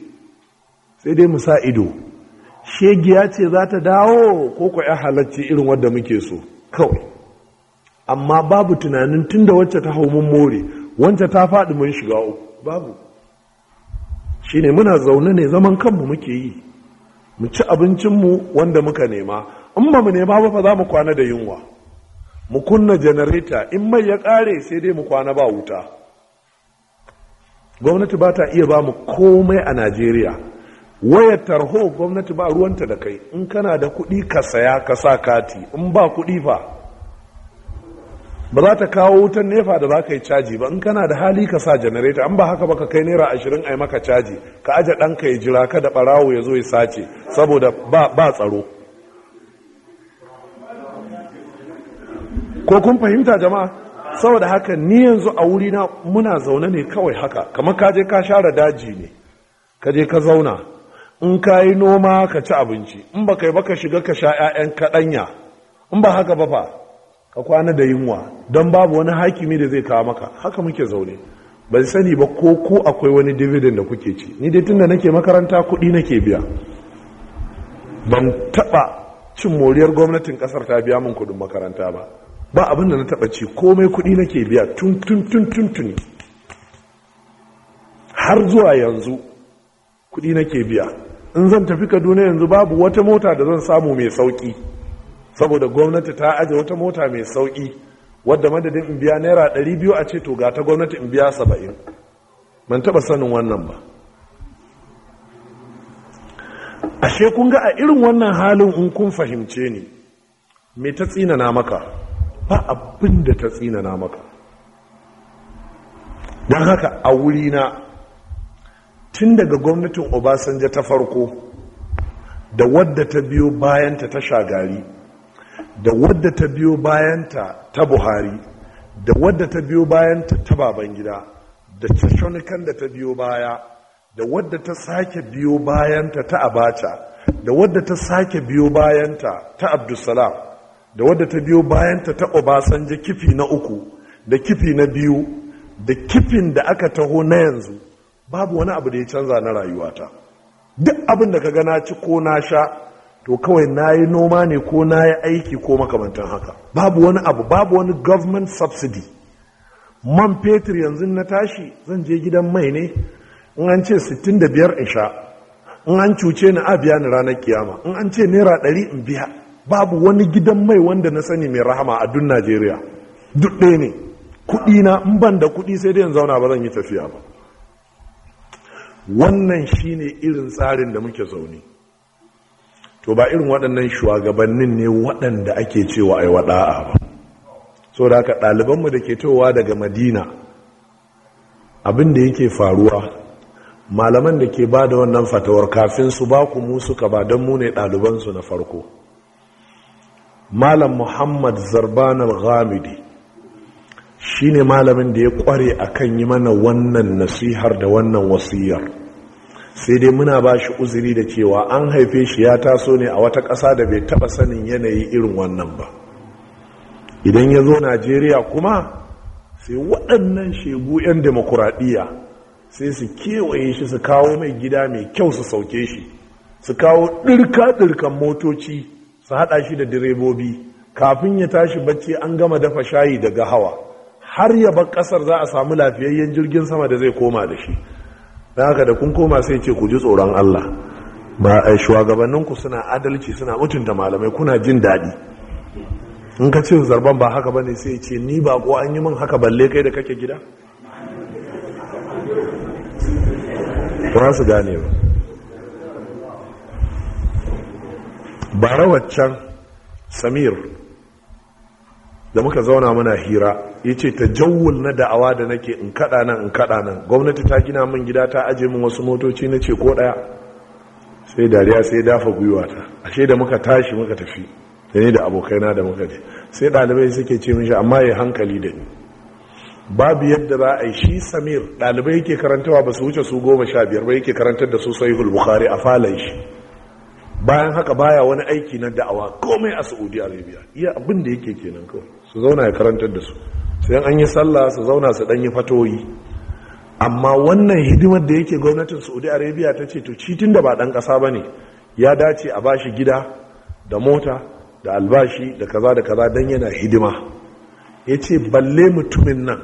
sai dai musa ido shegiya ce za ta dawo ko ko halarci irin wadda muke so kawai amma babu tunanin tunda wacce ta hau mun more wacce ta faɗi mun shiga uku babu shine muna zaune ne zaman kanmu muke yi mu ci abincinmu wanda muka nema in ba mu nema ba fa za mu kwana da yunwa mu kunna janareta in mai ya kare sai dai mu kwana ba wuta gwamnati ba ta iya ba mu komai a najeriya Waya tarho gwamnati ba ruwanta da kai in kana da kuɗi ka saya ka sa kati in ba kuɗi fa ba za ta kawo wutan nefa da za ka yi caji ba in kana da hali ka sa janareta an ba haka ba kai naira ashirin a yi maka caji ka aje ɗanka ya jira ka da ɓarawo ya zo ya sace saboda ba tsaro ko kun fahimta jama'a saboda haka ni yanzu a wuri na muna zaune ne kawai haka kamar ka je ka share daji ne ka je ka zauna in ka yi noma ka ci abinci in ba kai ba ka shiga ka sha 'ya'yan kaɗanya in ba haka ba fa ka kwana da yunwa don babu wani hakimi da zai kawo maka haka muke zaune bai sani ba ko ko akwai wani dividend da kuke ci ni dai da nake makaranta kuɗi nake biya ban taɓa cin moriyar gwamnatin ƙasar ta biya min kuɗin makaranta ba ba abin da na taɓa ci komai kuɗi nake biya tun tun tun tun tun har zuwa yanzu kuɗi nake biya in zan tafi kaduna yanzu babu wata mota da zan samu mai sauƙi saboda gwamnati ta aje wata mota mai sauki wadda madadin in biya naira ɗari biyu a ce to ga ta gwamnati in biya saba'in ban taba sanin wannan ba ashe kun ga a irin wannan halin in kun fahimce ni me ta tsinana maka ba abin da ta tsinana maka don haka a wurina tun daga gwamnatin obasanjo ta farko da wadda ta biyo bayanta ta shagari da wadda ta biyo bayanta ta buhari da wadda ta biyo bayanta ta baban gida da cashonikan da ta biyo baya da wadda ta sake biyo bayanta ta abacha da wadda ta sake biyo bayanta ta abdulsalam da wadda ta biyo bayanta ta obasanje kifi na uku da kifi na biyu da kifin da aka taho na yanzu babu wani abu da ya canza na rayuwata duk abin da ka gana ci ko na sha to kawai na yi noma ne ko na yi aiki ko makamantan haka babu wani abu babu wani government subsidy man fetur yanzu na tashi zan je gidan mai ne in an ce 65 in sha in an cuce ni a biya ni ranar kiyama in an ce naira 100 in biya babu wani gidan mai wanda na sani mai rahama a dun najeriya duk ɗaya ne kuɗi na in ban da kuɗi sai dai zauna ba zan yi tafiya ba wannan shine irin tsarin da muke zaune to ba irin waɗannan shugabannin ne waɗanda ake cewa ai ɗa'a ba so da haka ɗalibanmu da ke towa daga madina abinda da yake faruwa malaman da ke ba da wannan fatawar kafin su ba ku musu ka ba don mu ne ɗalibansu na farko malam muhammad zarbanar ghamidi shi ne malamin da ya ƙware a kan yi mana wannan nasihar da wannan wasiyar sai dai muna ba shi uzuri da cewa an haife shi ya taso ne a wata ƙasa da bai taɓa sanin yanayi irin wannan ba idan ya zo najeriya kuma sai waɗannan shegu 'yan demokuraɗiyya sai su kewaye shi su kawo mai gida mai kyau su sauke shi su kawo ɗirka-ɗirkan motoci su haɗa shi da direbobi kafin ya tashi bacci an gama dafa shayi daga hawa har ya bar ƙasar za a samu lafiyayyen jirgin sama da zai koma da shi da haka da kun koma sai ce ku ji tsoron Allah ba a eh, shugabanninku suna adalci suna mutunta malamai kuna jin daɗi in ka ce zarban ba haka ba ne sai ce ni ba ko an yi min haka balle kai da kake gida ba su gane ba bara waccan samir da muka zauna muna hira ya ce ta jawul na da'awa da nake in kaɗa nan in kaɗa nan gwamnati ta gina min gida ta aje min wasu motoci na ce ko ɗaya sai dariya sai dafa gwiwa ta ashe da muka tashi muka tafi da ni da abokaina da muka je sai ɗalibai suke ce shi amma ya hankali da ni babu yadda za a yi shi samir ɗalibai yake karantawa ba su wuce su goma sha biyar ba yake karantar da su sai bukhari a falon shi bayan haka baya wani aiki na da'awa komai a saudi arabia iya abin da yake kenan kawai su zauna ya karantar da su sai an yi sallah su zauna su yi fatoyi amma wannan hidimar da yake gwamnatin saudi arabia ta ce to citin da ba ɗan kasa ba ne ya dace a bashi gida da mota da albashi da kaza da kaza dan yana hidima ya ce balle mutumin nan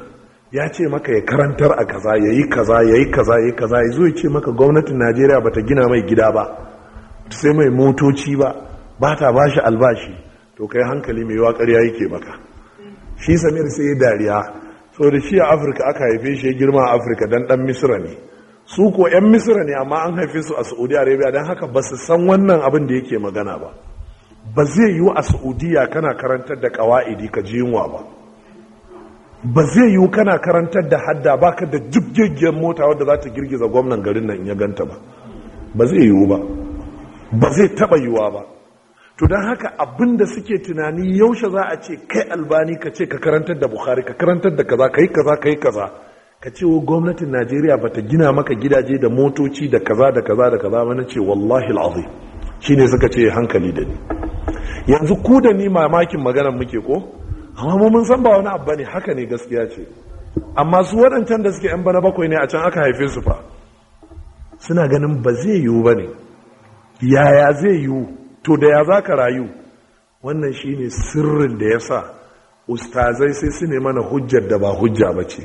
ya ce maka ya karantar a kaza ya yi kaza ya yi kaza ya yi kaza ya zo ya ce maka gwamnatin najeriya ba ta gina mai gida ba sai mai motoci ba ba ta ba shi albashi to kai hankali mai waƙar ya ke maka shi samir sai ya dariya so da shi a afirka aka haife shi ya girma a afirka don dan misira ne su ko yan misira ne amma an haife su a saudi arabia don haka ba su san wannan abin da yake magana ba ba zai yiwu a saudiya kana karantar da kawa'idi ka ji yunwa ba ba zai yiwu kana karantar da hadda ba ka da girgiyar mota wadda za ta girgiza gwamnan garin nan in ya ganta ba ba zai yiwu ba ba zai taba yiwuwa ba to don haka abin da suke tunani yaushe za a ce kai albani ka ce ka karantar da bukhari ka karantar da kaza ka yi kaza ka yi kaza ka ce wa gwamnatin najeriya ba ta gina maka gidaje da motoci da kaza da kaza da kaza mana ce wallahi al'azim shi ne suka ce hankali da ni yanzu ku da ni mamakin maganar muke ko amma mun san ba wani abu ne haka ne gaskiya ce amma su waɗancan da suke yan bana bakwai ne a can aka haife su fa suna ganin ba zai yiwu ba ne yaya zai yiwu to da ya za ka rayu wannan shi ne sirrin da ya sa ustazai sai su ne mana hujjar da ba hujja ba ce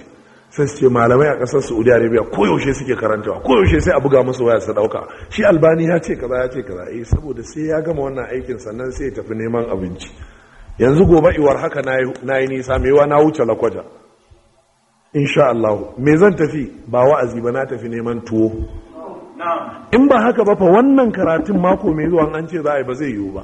sai su ce malamai a ƙasar saudi arabia koyaushe suke karantawa koyaushe sai a buga musu waya su ɗauka shi albani ya ce kaza ya ce kaza eh saboda sai ya gama wannan aikin sannan sai ya tafi neman abinci yanzu gobe iwar haka na yi nisa wa na wuce lakwaja insha Allah me zan tafi ba wa'azi ba na tafi neman tuwo in ba haka ba fa wannan karatun mako mai zuwa an ce za a yi ba zai yiwu ba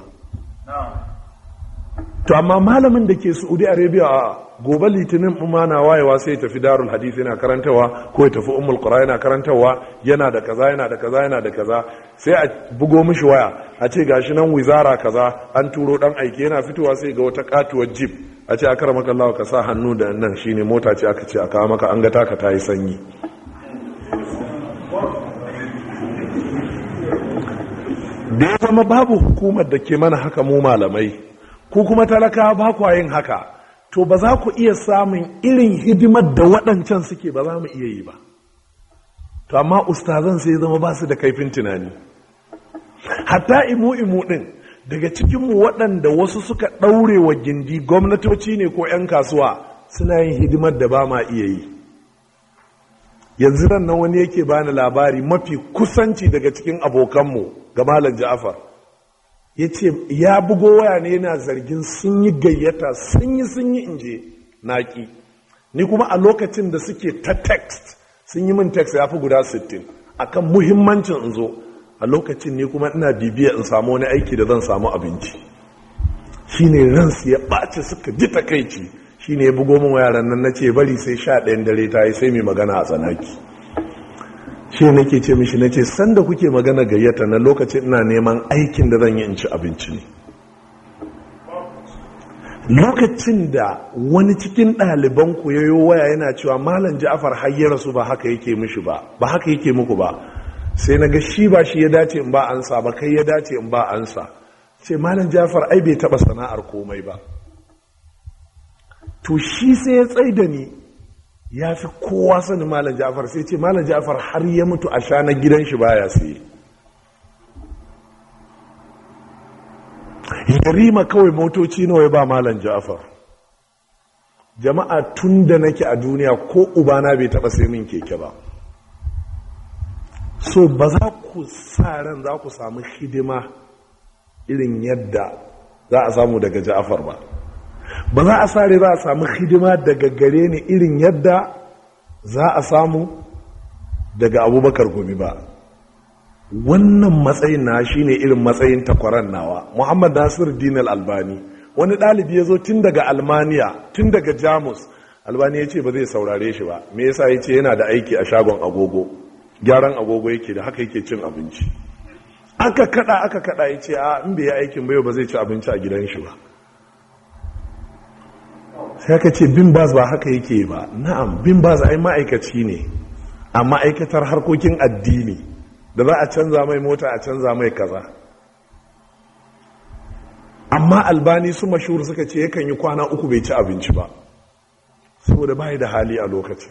to amma malamin da ke saudi arabia a gobe litinin umana wayewa sai ya tafi darul hadith yana karantawa ko ya tafi umul qura yana karantawa yana da kaza yana da kaza yana da kaza sai a bugo mishi waya a ce gashi nan wizara kaza an turo dan aiki yana fitowa sai ga wata katuwar jeep a ce aka ramaka Allah ka sa hannu da nan shine mota ce aka ce aka maka an ga taka yi sanyi da ya zama babu hukumar da ke mana haka mu malamai ku kuma talaka ba kwa yin haka to ba za ku iya samun irin hidimar da waɗancan suke ba za mu iya yi ba to amma ustazan sai zama ba su da kaifin tunani hatta imu imu ɗin daga cikinmu waɗanda wasu suka ɗaure wa gindi gwamnatoci ne ko 'yan kasuwa suna yin hidimar da ba ma iya yi yanzu nan wani yake bani labari mafi kusanci daga cikin abokanmu ga malam ja'afar ya ya bugo waya ne yana zargin sun yi gayyata sun yi sun yi inje naki ni kuma a lokacin da suke ta text sun yi min text ya fi guda 60 akan muhimmancin in zo a lokacin ne kuma ina bibiya in samu wani aiki da zan samu abinci shine ransu ya ɓace suka ji takaici shine ya bugo min yaran nan na ce bari sai sha ɗayan dare ta yi sai mai magana a tsanaki shi nake ce mishi nace sanda kuke magana gayyata na lokacin ina neman aikin da zan yi in ci abinci ne lokacin da wani cikin ɗaliban ku yayo waya yana cewa malam ja'far hayyara su ba haka yake mishi ba ba haka yake muku ba sai na ga shi ba shi ya dace in ba ansa ba kai ya dace in ba ansa ce malam ja'far ai bai taba sana'ar komai ba to shi sai ya tsaida ni ya fi kowa sani malam ja'far sai ce malam ja'far har ya mutu a sha na gidan shi baya sai yarima kawai motoci nawa ya ba malam ja'far jama'a tun da nake a duniya ko ubana bai taba sai min keke ba so ba za ku sa ran za ku samu hidima irin yadda za a samu daga ja'far ba ba za a sare za a samu hidima daga gare ni irin yadda za a samu daga abubakar Gumi ba wannan matsayin na shi ne irin matsayin takwaran nawa muhammad nasir dinar albani wani ɗalibi ya zo tun daga almaniya tun daga jamus albani ya ce ba zai saurare shi ba me yasa ya ce yana da aiki a shagon agogo gyaran agogo yake da haka yake cin abinci aka kada aka kada ya ce a in bai yi aikin bai ba zai ci abinci a gidan shi ba ya ka ce bin ba haka yake ba na'am bin ba ai ma'aikaci ne a ma'aikatar harkokin addini da za a canza mai mota a canza mai kaza amma albani su mashuru suka ce yakan yi kwana uku bai ci abinci ba saboda bai da hali a lokaci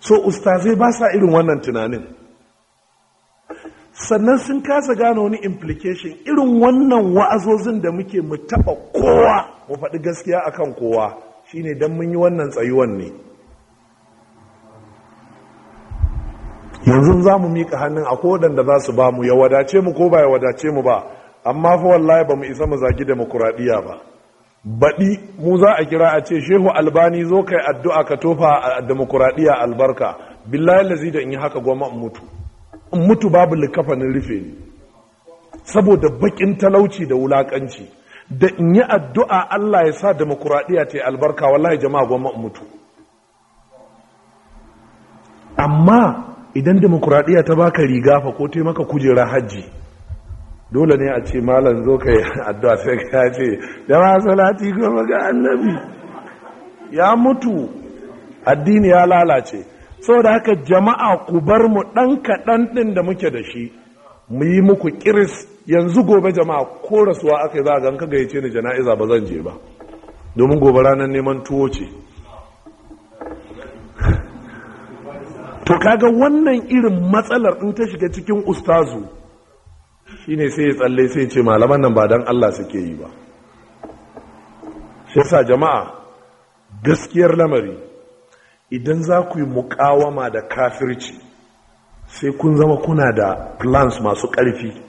so ustazai ba sa irin wannan tunanin sannan sun kasa gane wani implication irin wannan wa'azozin da muke mu taba kowa mu faɗi gaskiya a kan kowa shine dan mun yi wannan tsayuwan ne yanzu za mu miƙa hannun a waɗanda za su ba mu ya wadace mu ko ba ya wadace mu ba amma fa wallahi ba mu isa mu zagi demokuraɗiyya ba baɗi mu za a kira a ce shehu albani zo kai addu'a ka tofa a demokuraɗiyya albarka billahi lazi da in yi haka in mutu in mutu babu likafanin rufe ne saboda bakin talauci da wulakanci da in yi addu'a Allah ya sa demokuraɗiyya ta yi albarka wallahi jama'a gwamma in mutu amma idan demokuraɗiyya ta baka riga fa ko taimaka kujera hajji dole ne a ce malam zo ka yi addu'a sai ka ce jama'a salati goma ga annabi ya mutu addini ya lalace da haka jama'a ku bar mu ɗan kaɗan ɗin da muke da shi mu yi muku kiris yanzu gobe jama'a ko rasuwa aka za a ganka gayyace ni jana'iza ba zan je ba domin gobe ranar neman tuwo ce to kaga wannan irin matsalar in ta shiga cikin ustazu shine sai ya tsalle sai ce malaman nan ba don Allah suke yi ba shi sa jama'a gaskiyar lamari idan za ku yi mukawama da kafirci sai kun zama kuna da plans masu ƙarfi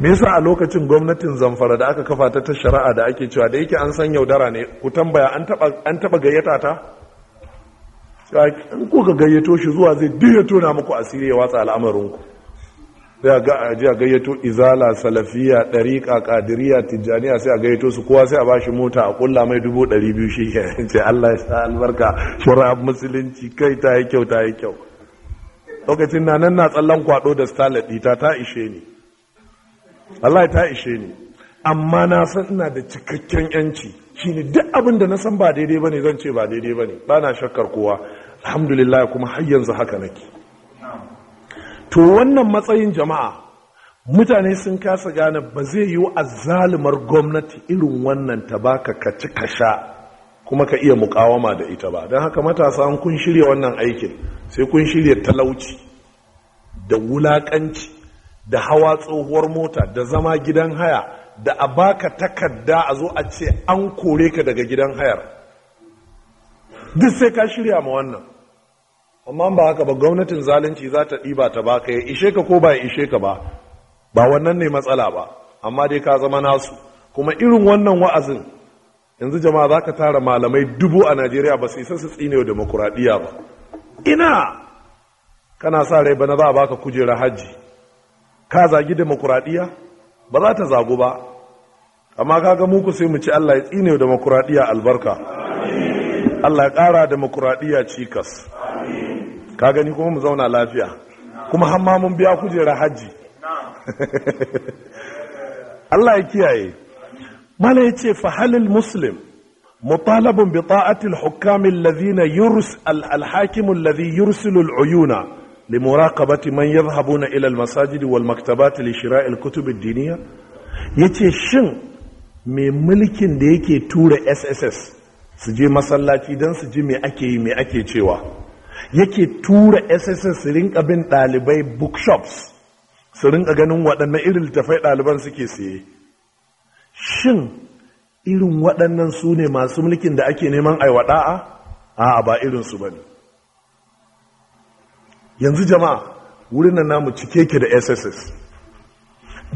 me yasa a lokacin gwamnatin zamfara da aka kafa ta shari'a da ake cewa da yake an san yaudara ne ku tambaya an taba gayyata ta ku ka gayyato shi zuwa zai duk ya tona muku asiri ya watsa al'amarinku sai ga a gayyato izala salafiya ɗariƙa ƙadiriya tijjaniya sai a gayyato su kowa sai a ba shi mota a ƙulla mai dubu ɗari biyu shi ke ce allah ya sa albarka shura musulunci kai ta yi kyau ta yi kyau lokacin na nan na tsallan kwaɗo da stalin ta ta ishe ni allah ta ishe ni amma na san ina da cikakken yanci shine duk abin da na san ba daidai bane zan ce ba daidai bane ba na shakkar kowa alhamdulillah kuma har yanzu haka nake to wannan matsayin jama'a mutane sun kasa gane ba zai yi azzalumar gwamnati irin wannan ta baka ka ci ka sha kuma ka iya mukawama da ita ba don haka matasa an kun shirya wannan aikin sai kun shirya talauci da wulakanci da hawa tsohuwar mota da zama gidan haya da a baka takarda a zo a ce an kore ka daga gidan hayar duk sai ka shirya ma wannan amma ba haka ba gwamnatin zalunci za ta ɗiba ta ba ka ya ishe ka ko ba ya ishe ka ba ba wannan ne matsala ba amma dai ka zama nasu kuma irin wannan wa'azin yanzu jama'a za ka tara malamai dubu a najeriya ba su isa su tsinewa demokuraɗiyya ba ina kana sa rai ba na za a baka kujera hajji ka zagi demokuraɗiyya ba za ta zagu ba amma ga muku sai mu ci allah ya tsinewa demokuraɗiyya albarka allah ya ƙara demokuraɗiyya cikas ka gani kuma mu zauna lafiya kuma hamma mun biya kujera hajji Allah ya kiyaye mala ya ce fahalil muslim mutalabun bi ta'atil hukamin lazina yurs alhakimun lazi yursilul uyuna li muraqabati man yadhhabuna ila almasajid wal maktabat li shira' alkutub ad-diniya yace shin me mulkin da yake tura SSS su je masallaci dan su ji me ake yi me ake cewa yake tura sss su rinka bin ɗalibai bookshops su rinka ganin waɗannan irin littafai ɗaliban suke siye shin irin waɗannan su ne masu mulkin da ake neman aiwaɗa'a a ba su ba ne yanzu jama'a wurin nan namu cike ke da sss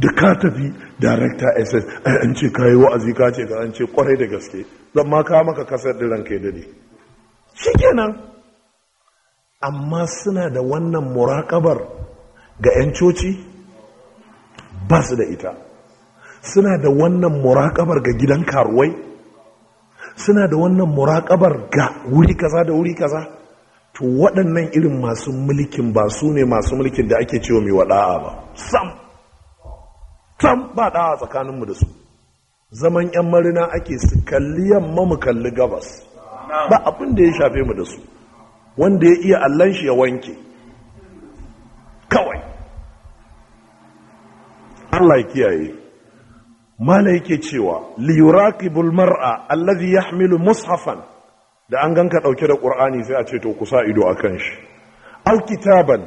da ka tafi darakta ss ai an ce kayi wa'azi ka ce ka an ce kwarai da gaske zan ma ka maka kasar ɗin kai da dade shi kenan amma suna da wannan muraƙabar ga 'yan coci ba su da ita suna da wannan muraƙabar ga gidan karuwai suna da wannan muraƙabar ga wuri kaza da wuri kaza to waɗannan irin masu mulkin ba su ne masu mulkin da ake cewa mai waɗa'a ba sam sam ba ɗa'a tsakaninmu da su zaman 'yan marina ake su kalli yamma mu kalli gabas ba abin da ya shafe mu da su wanda ya iya allon shi ya wanke kawai Allah ya kiyaye mala yake cewa liyuraqibul mar'a allazi yahmilu mushafan da an ganka dauke da qur'ani sai a ce to kusa ido akan shi aw kitaban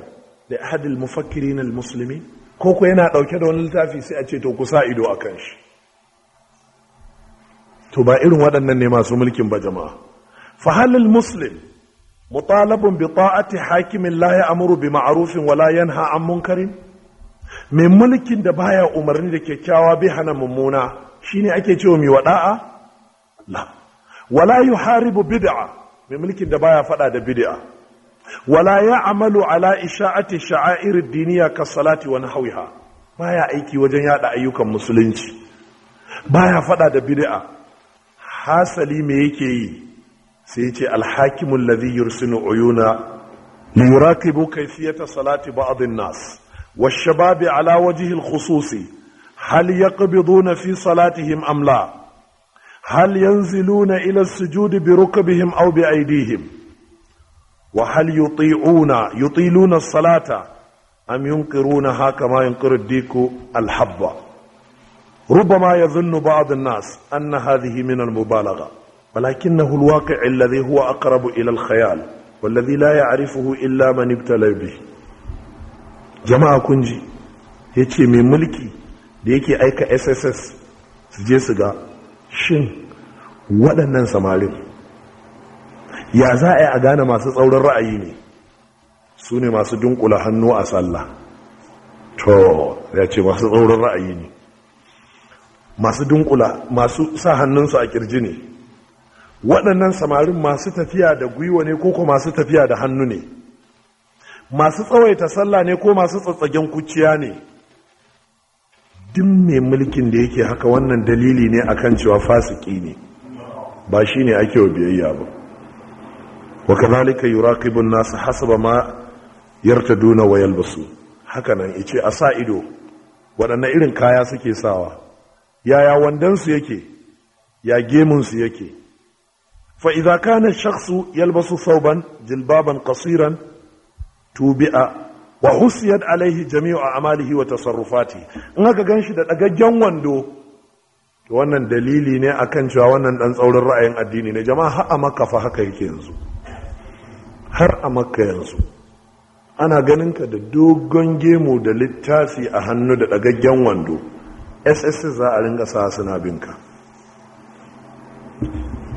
da ahad al mufakkirin al muslimin ko ko yana dauke da wani littafi sai a ce to kusa ido akan shi to ba irin waɗannan ne masu mulkin ba jama'a fa halal muslim mutalabun bi ta'ati hakimin la a bi ma'rufin wala yanha an munkarin mai mulkin da baya umarni da kyakkyawa bai hana mummuna shine ake cewa mai wada'a la wala yuharibu bid'a mai mulkin da baya fada da bid'a wala ya'malu ala isha'ati sha'air ad-diniya ka salati wa nahwiha baya aiki wajen yada ayyukan musulunci baya faɗa da bid'a hasali me yake yi سيتي الحاكم الذي يرسل عيونا ليراقب كيفية صلاة بعض الناس والشباب على وجه الخصوص هل يقبضون في صلاتهم أم لا هل ينزلون إلى السجود بركبهم أو بأيديهم وهل يطيعون يطيلون الصلاة أم ينقرونها كما ينقر الديك الحبة ربما يظن بعض الناس أن هذه من المبالغة ولكنه الواقع الذي هو أقرب إلى الخيال والذي لا يعرفه إلا من ابتلى به jama'a Kunji ji ya ce mai mulki da yake aika sss su je su ga shin waɗannan samarin ya za a yi a gane masu tsaurin ra'ayi ne su ne masu hannu a sallah to ya ce masu tsaurin ra'ayi ne masu dunkula masu sa hannunsu a kirji ne waɗannan samarin masu tafiya da gwiwa ne ko masu tafiya da hannu ne masu tsawaita sallah ne ko masu tsatsagen kuciya ne duk mai mulkin da yake haka wannan dalili ne a kan cewa fasiki ne ba shi ne ake wa biyayya ba wa kazalika yuraqibun nasu hasaba ma yartaduna wa yalbasu haka nan ice a sa ido waɗannan irin kaya suke sawa yaya wandansu yake ya gemunsu yake فإذا كان الشخص يلبس ثوبا جلبابا قصيرا توبئ wa husiyat alaihi jami'u amalihi wa tasarrufati in aka ganshi da dagaggen wando wannan dalili ne akan cewa wannan ɗan tsaurin ra'ayin addini ne jama'a har a fa haka yake yanzu har a maka yanzu ana ganin ka da dogon gemu da littafi a hannu da ɗagaggen wando ss za a ringa sa suna binka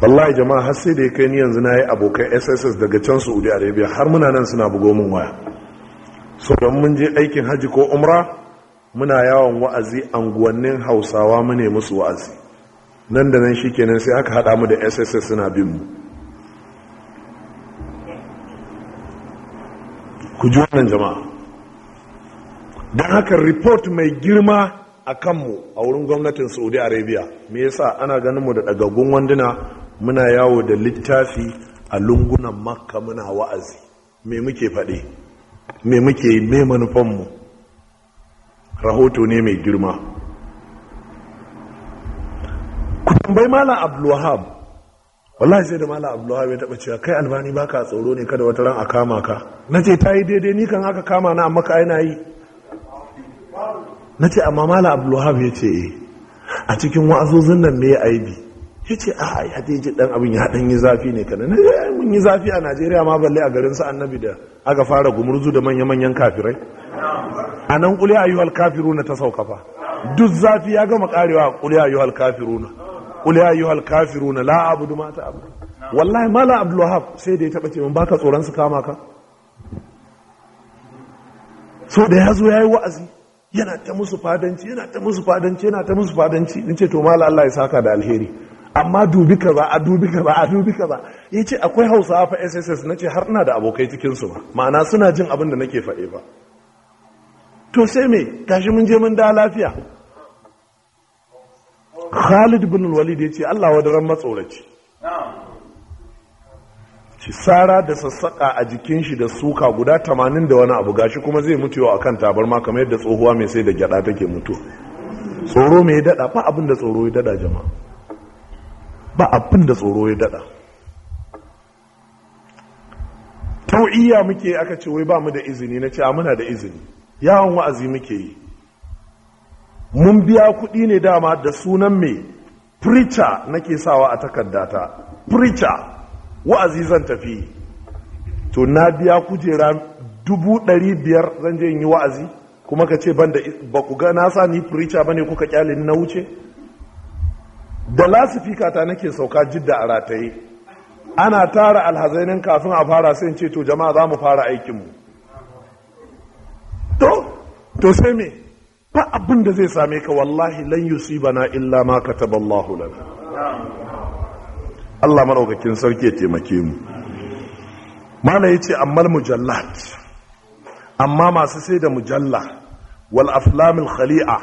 wallahi jama'a har sai da ya kai ni yanzu na yi abokai sss daga can saudi arabia har muna nan suna bugo min waya so don mun je aikin hajji ko umra muna yawon wa'azi anguwannin hausawa mu ne musu wa'azi nan da nan shikenan sai aka haɗa mu da sss suna bin mu ku ji wannan jama'a don haka report mai girma a mu a wurin gwamnatin saudi arabia me yasa ana ganin mu da ɗagaggun wanduna muna yawo da littafi a lungunan makka muna wa'azi me muke faɗi me muke me manufanmu rahoto ne mai girma ku tambayi malam abdulwahab wallahi sai da malam abdulwahab ya taɓa cewa kai albani ba ka tsoro ne kada wata ran a kama ka na ce ta yi daidai ni kan haka kama na amma ka na yi na ce amma malam abdulwahab ya ce eh, a cikin wa'azozin nan me ya aibi ya ce a ya dai ji dan abin ya dan yi zafi ne kana na eh, mun yi zafi a najeriya ma balle a garin sa annabi da aka fara gumurzu da manya-manyan kafirai a nan kuli ayyuhal na ta sauka fa duk zafi ya gama karewa kuli ayyuhal na kuli ayyuhal kafiruna na abudu ma ta abu. wallahi mala abdul sai da ya taɓa ce min baka tsoron su kama ka so da ya zo ya yi wa'azi yana ta musu fadanci yana ta musu fadanci yana ta musu fadanci in ce to mala Allah ya saka da alheri amma dubi ka ba a dubi ka ba a dubi ka ba ya ce akwai hausawa fa sss na ce har na da abokai cikinsu ba ma'ana suna jin abin da nake faɗe ba to sai me tashi mun je mun da lafiya khalid bin walid ya ce allah wadaran matsoraci ci sara da sassaƙa a jikin shi da suka guda tamanin da wani abu gashi kuma zai mutu yau akan tabarma kamar yadda tsohuwa mai sai da gyada take mutu tsoro mai daɗa ba abin da tsoro ya daɗa jama'a ba abin da tsoro ya dada tau'iyya muke aka ce wai ba mu da izini na ce a muna da izini yawon wa'azi muke yi mun biya kuɗi ne dama da sunan mai preacher nake sawa a takardata preacher wa'azi zan tafi to na biya kujera dubu ɗari biyar zan je in yi wa'azi kuma ka ce ban da ba ku ga na sa ni preacher ne kuka kyale na wuce da lasifikata nake sauka jidda a rataye ana tara alhazainin kafin a fara sai ce to jama'a za mu fara aikinmu to to sai me ba abin da zai same ka wallahi lan yusibana illa ma kataballahu lana Allah madaukakin sarki ya taimake mu mana yace ammal mujallat amma masu sai da mujalla wal aflamil khali'a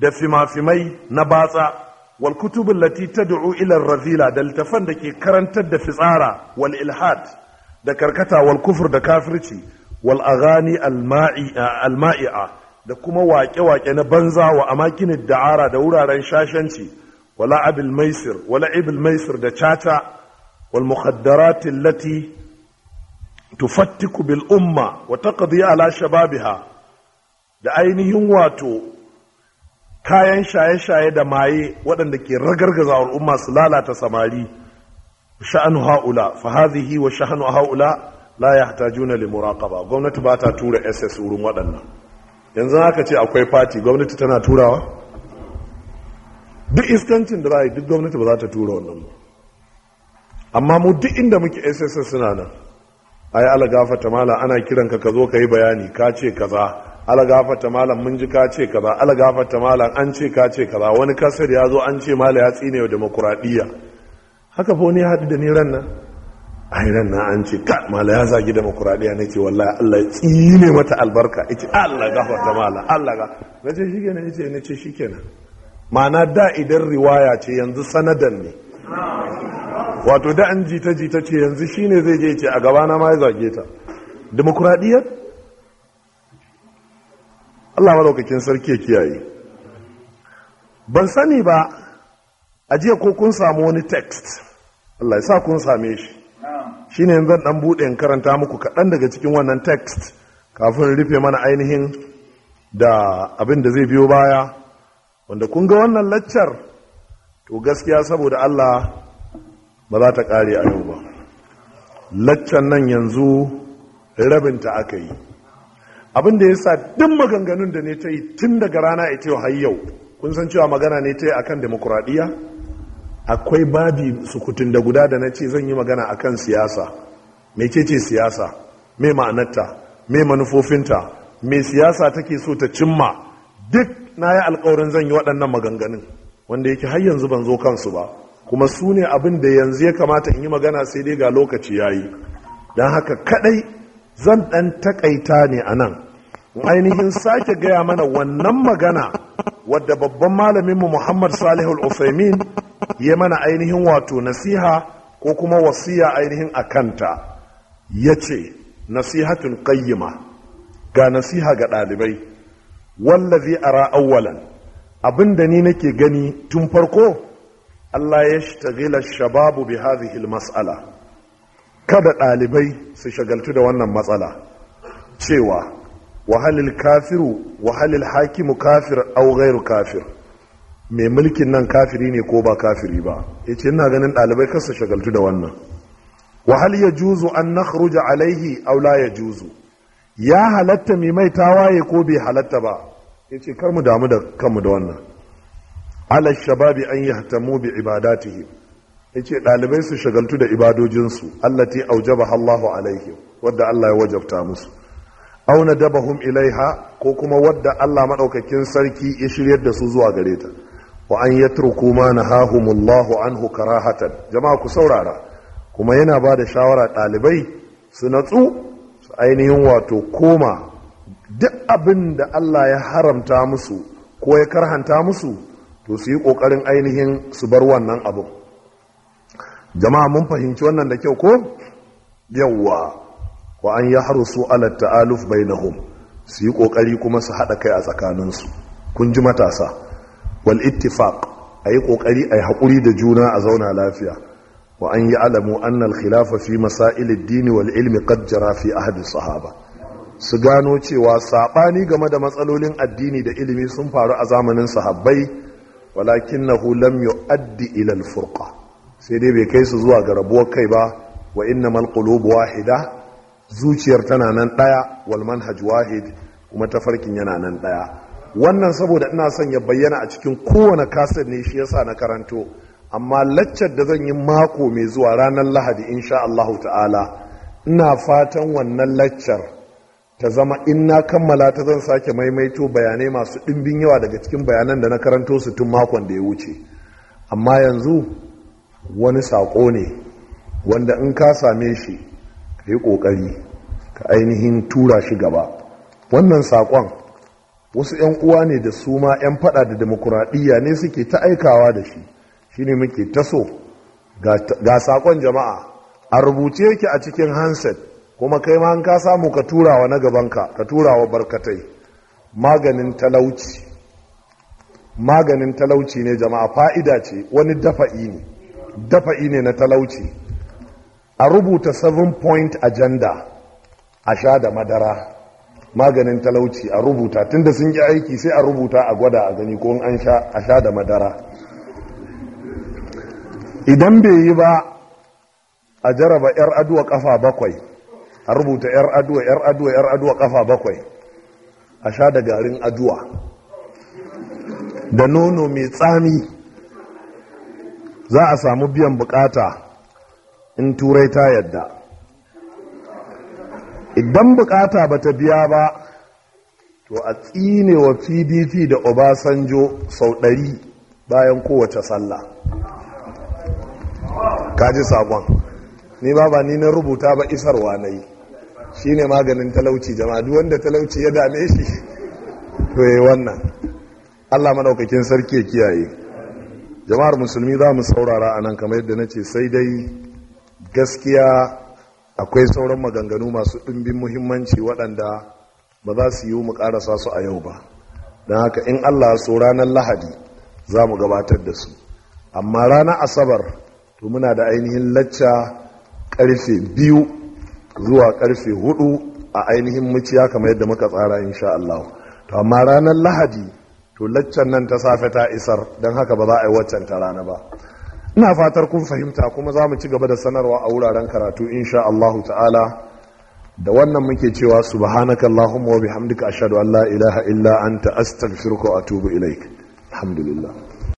da fimafimai na batsa wal kutubul lati tad'u ila ar-razila da littafan da ke karantar da fitsara wal ilhad da karkata wal kufur da kafirci wal aghani al da kuma waƙe-waƙe na banza wa amakin da'ara da wuraren shashanci wala abil wala ibil maisir da caca wal mukhaddarat allati tufattiku bil umma wa taqdi ala shababiha da ainihin wato kayan shaye-shaye da maye waɗanda ke ragargaza al'umma su lalata samari sha'anu haula fahazihi wa sha'anu haula la juna li ba gwamnati ba ta tura SS wurin waɗannan yanzu haka ce akwai fati gwamnati tana turawa duk iskancin da za duk gwamnati ba za ta tura wannan ba amma mu duk inda muke S_S suna nan a yi mala ana kiranka ka zo ka yi bayani ka ce kaza alagafata malam mun ji ka ce kaza alagafata malam an ce ka ce kaza wani kasar ya zo an ce mala ya tsine wa demokuraɗiyya haka fa wani ya haɗu da ni ran nan ai ran nan an ce ka mala ya zagi demokuraɗiyya na ce wallahi allah ya tsine mata albarka ya ce allah gafarta malam allah ga na ce shi kenan ya ce na ce shi kenan ma'ana da idan riwaya ce yanzu sanadan ne wato da an jita jita ce yanzu shine zai je ce a gabana ma ya zage ta demokuraɗiyyar Allah madaukakin sarki ya kiyaye ban sani ba a jiya ko kun samu wani text Allah ya sa kun same shi shine yanzu zan ɗan buɗe in karanta muku kaɗan daga cikin wannan text kafin rufe mana ainihin da abin da zai biyo baya wanda kun ga wannan laccar to gaskiya saboda Allah ba za ta kare a yau ba Laccar nan yanzu rabinta aka yi abin da sa duk maganganun da ne ta yi tun daga rana ya ce har yau kun san cewa magana ne ta yi akan demokuraɗiyya akwai babi sukutun da guda da na ce zan yi magana akan siyasa mai ce ce siyasa mai ma'anarta mai manufofinta mai siyasa take so ta cimma duk na yi alkawarin zan yi waɗannan maganganun wanda yake har yanzu ban zo kansu ba kuma su ne abin da yanzu ya kamata in yi magana sai dai ga lokaci ya yi don haka kaɗai zan ɗan taƙaita ne a nan ainihin sake gaya mana wannan magana wadda babban malaminmu muhammad salihul usaimin ya mana ainihin wato nasiha ko kuma wasiya ainihin a kanta ya ce nasihatun ƙayyima ga nasiha ga ɗalibai wallazi ara awwalan abin da ni nake gani tun farko allah ya shtagila shababu bi hadhihi mas'ala kada ɗalibai su shagaltu da wannan matsala cewa wahalil kafiru wahalil hakimu kafir au kafir mai mulkin nan kafiri ne ko ba kafiri ba ya ce ina ganin ɗalibai kasa shagaltu da wannan wahal ya juzu an na alaihi au la ya juzu ya halatta mai mai tawaye ko bai halatta ba ya ce kar mu damu da kanmu da wannan ala shababi an yi hatamu bi ibadatihim ya ce ɗalibai su shagaltu da ibadojinsu allati aujaba allahu alaihi. wadda allah ya wajabta musu auna dabahum ilaiha ko kuma wadda Allah maɗaukakin sarki ya shiryar da su zuwa gare ta wa an yatruku ma nahahumullahu anhu karahatan jama'a ku saurara kuma yana ba da shawara ɗalibai su natsu su ainihin wato koma duk abin da Allah ya haramta musu ko ya karhanta musu to su yi ƙoƙarin ainihin su bar wannan abin jama'a mun fahimci wannan da kyau ko yawwa wa an yi yahrusu ala ta'aluf bainahum su yi kokari kuma su haɗa kai a tsakaninsu kun ji matasa wal ittifaq ayi kokari yi hakuri da juna a zauna lafiya wa an yi anna al khilafa fi masail ad wal ilmi qad jara fi ahdi sahaba su gano cewa sabani game da matsalolin addini da ilimi sun faru a zamanin sahabbai walakinahu lam yu'addi ila al furqa sai dai bai kai su zuwa ga rabuwar kai ba wa innamal qulubu wahida zuciyar tana nan ɗaya walman wahid kuma tafarkin yana nan ɗaya wannan saboda ina son ya bayyana a cikin kowane kasar ne shi yasa na karanto amma laccar da zan yi mako mai zuwa ranar lahadi insha Allahu ta'ala ina fatan wannan laccar ta zama in na kammala ta zan sake maimaito bayanai masu ɗimbin yawa daga cikin bayanan da na karanto su tun makon da ya wuce amma yanzu wani saƙo ne wanda in ka same shi yi ƙoƙari ka ainihin tura shi gaba wannan saƙon wasu 'yan uwa ne da su ma 'yan fada da demokuraɗiyya ne suke ta aikawa da shi shi ne muke taso ga saƙon jama'a a rubuce yake a cikin hanset kuma kai ma ka samu ka turawa na gabanka ka turawa barkatai maganin talauci maganin talauci ne jama'a fa'ida ce wani dafa'i ne dafa'i ne na talauci a rubuta seven point agenda a sha da madara maganin talauci a rubuta tunda sun yi aiki sai a rubuta a gwada a gani ko an sha a sha da madara idan bai yi ba a jaraba 'yar aduwa kafa bakwai a rubuta 'yar aduwa 'yar aduwa 'yar aduwa kafa bakwai a sha da garin aduwa da nono mai tsami za a samu biyan bukata in turai ta yadda idan bukata ba ta biya ba to a tsinewa wa pdp da obasanjo sau ɗari bayan kowace sallah kaji sabon ni ba ba ni na rubuta ba isarwa na yi shi ne maganin talauci jama'a wanda talauci ya dame shi to yi wannan allah maɗaukakin sarki ya kiyaye jama'ar musulmi za mu saurara a nan kamar yadda na ce sai dai gaskiya akwai sauran maganganu masu ɗimbin muhimmanci waɗanda ba za su yi mu ƙarasa su a yau ba don haka in allah so ranar lahadi za mu gabatar da su amma ranar asabar to muna da ainihin lacca ƙarfe biyu zuwa ƙarfe hudu a ainihin muciya kamar yadda muka tsara insha allah to amma ranar lahadi to laccan nan ta safe ta isar don haka ba za a yi waccan ta rana ba ina fatar kun fahimta kuma za mu ci gaba da sanarwa a wuraren karatu insha Allahu ta'ala da wannan muke cewa subhanaka allahumma wa bihamdika ashhadu an la ilaha illa anta astaghfiruka wa atubu ilaik alhamdulillah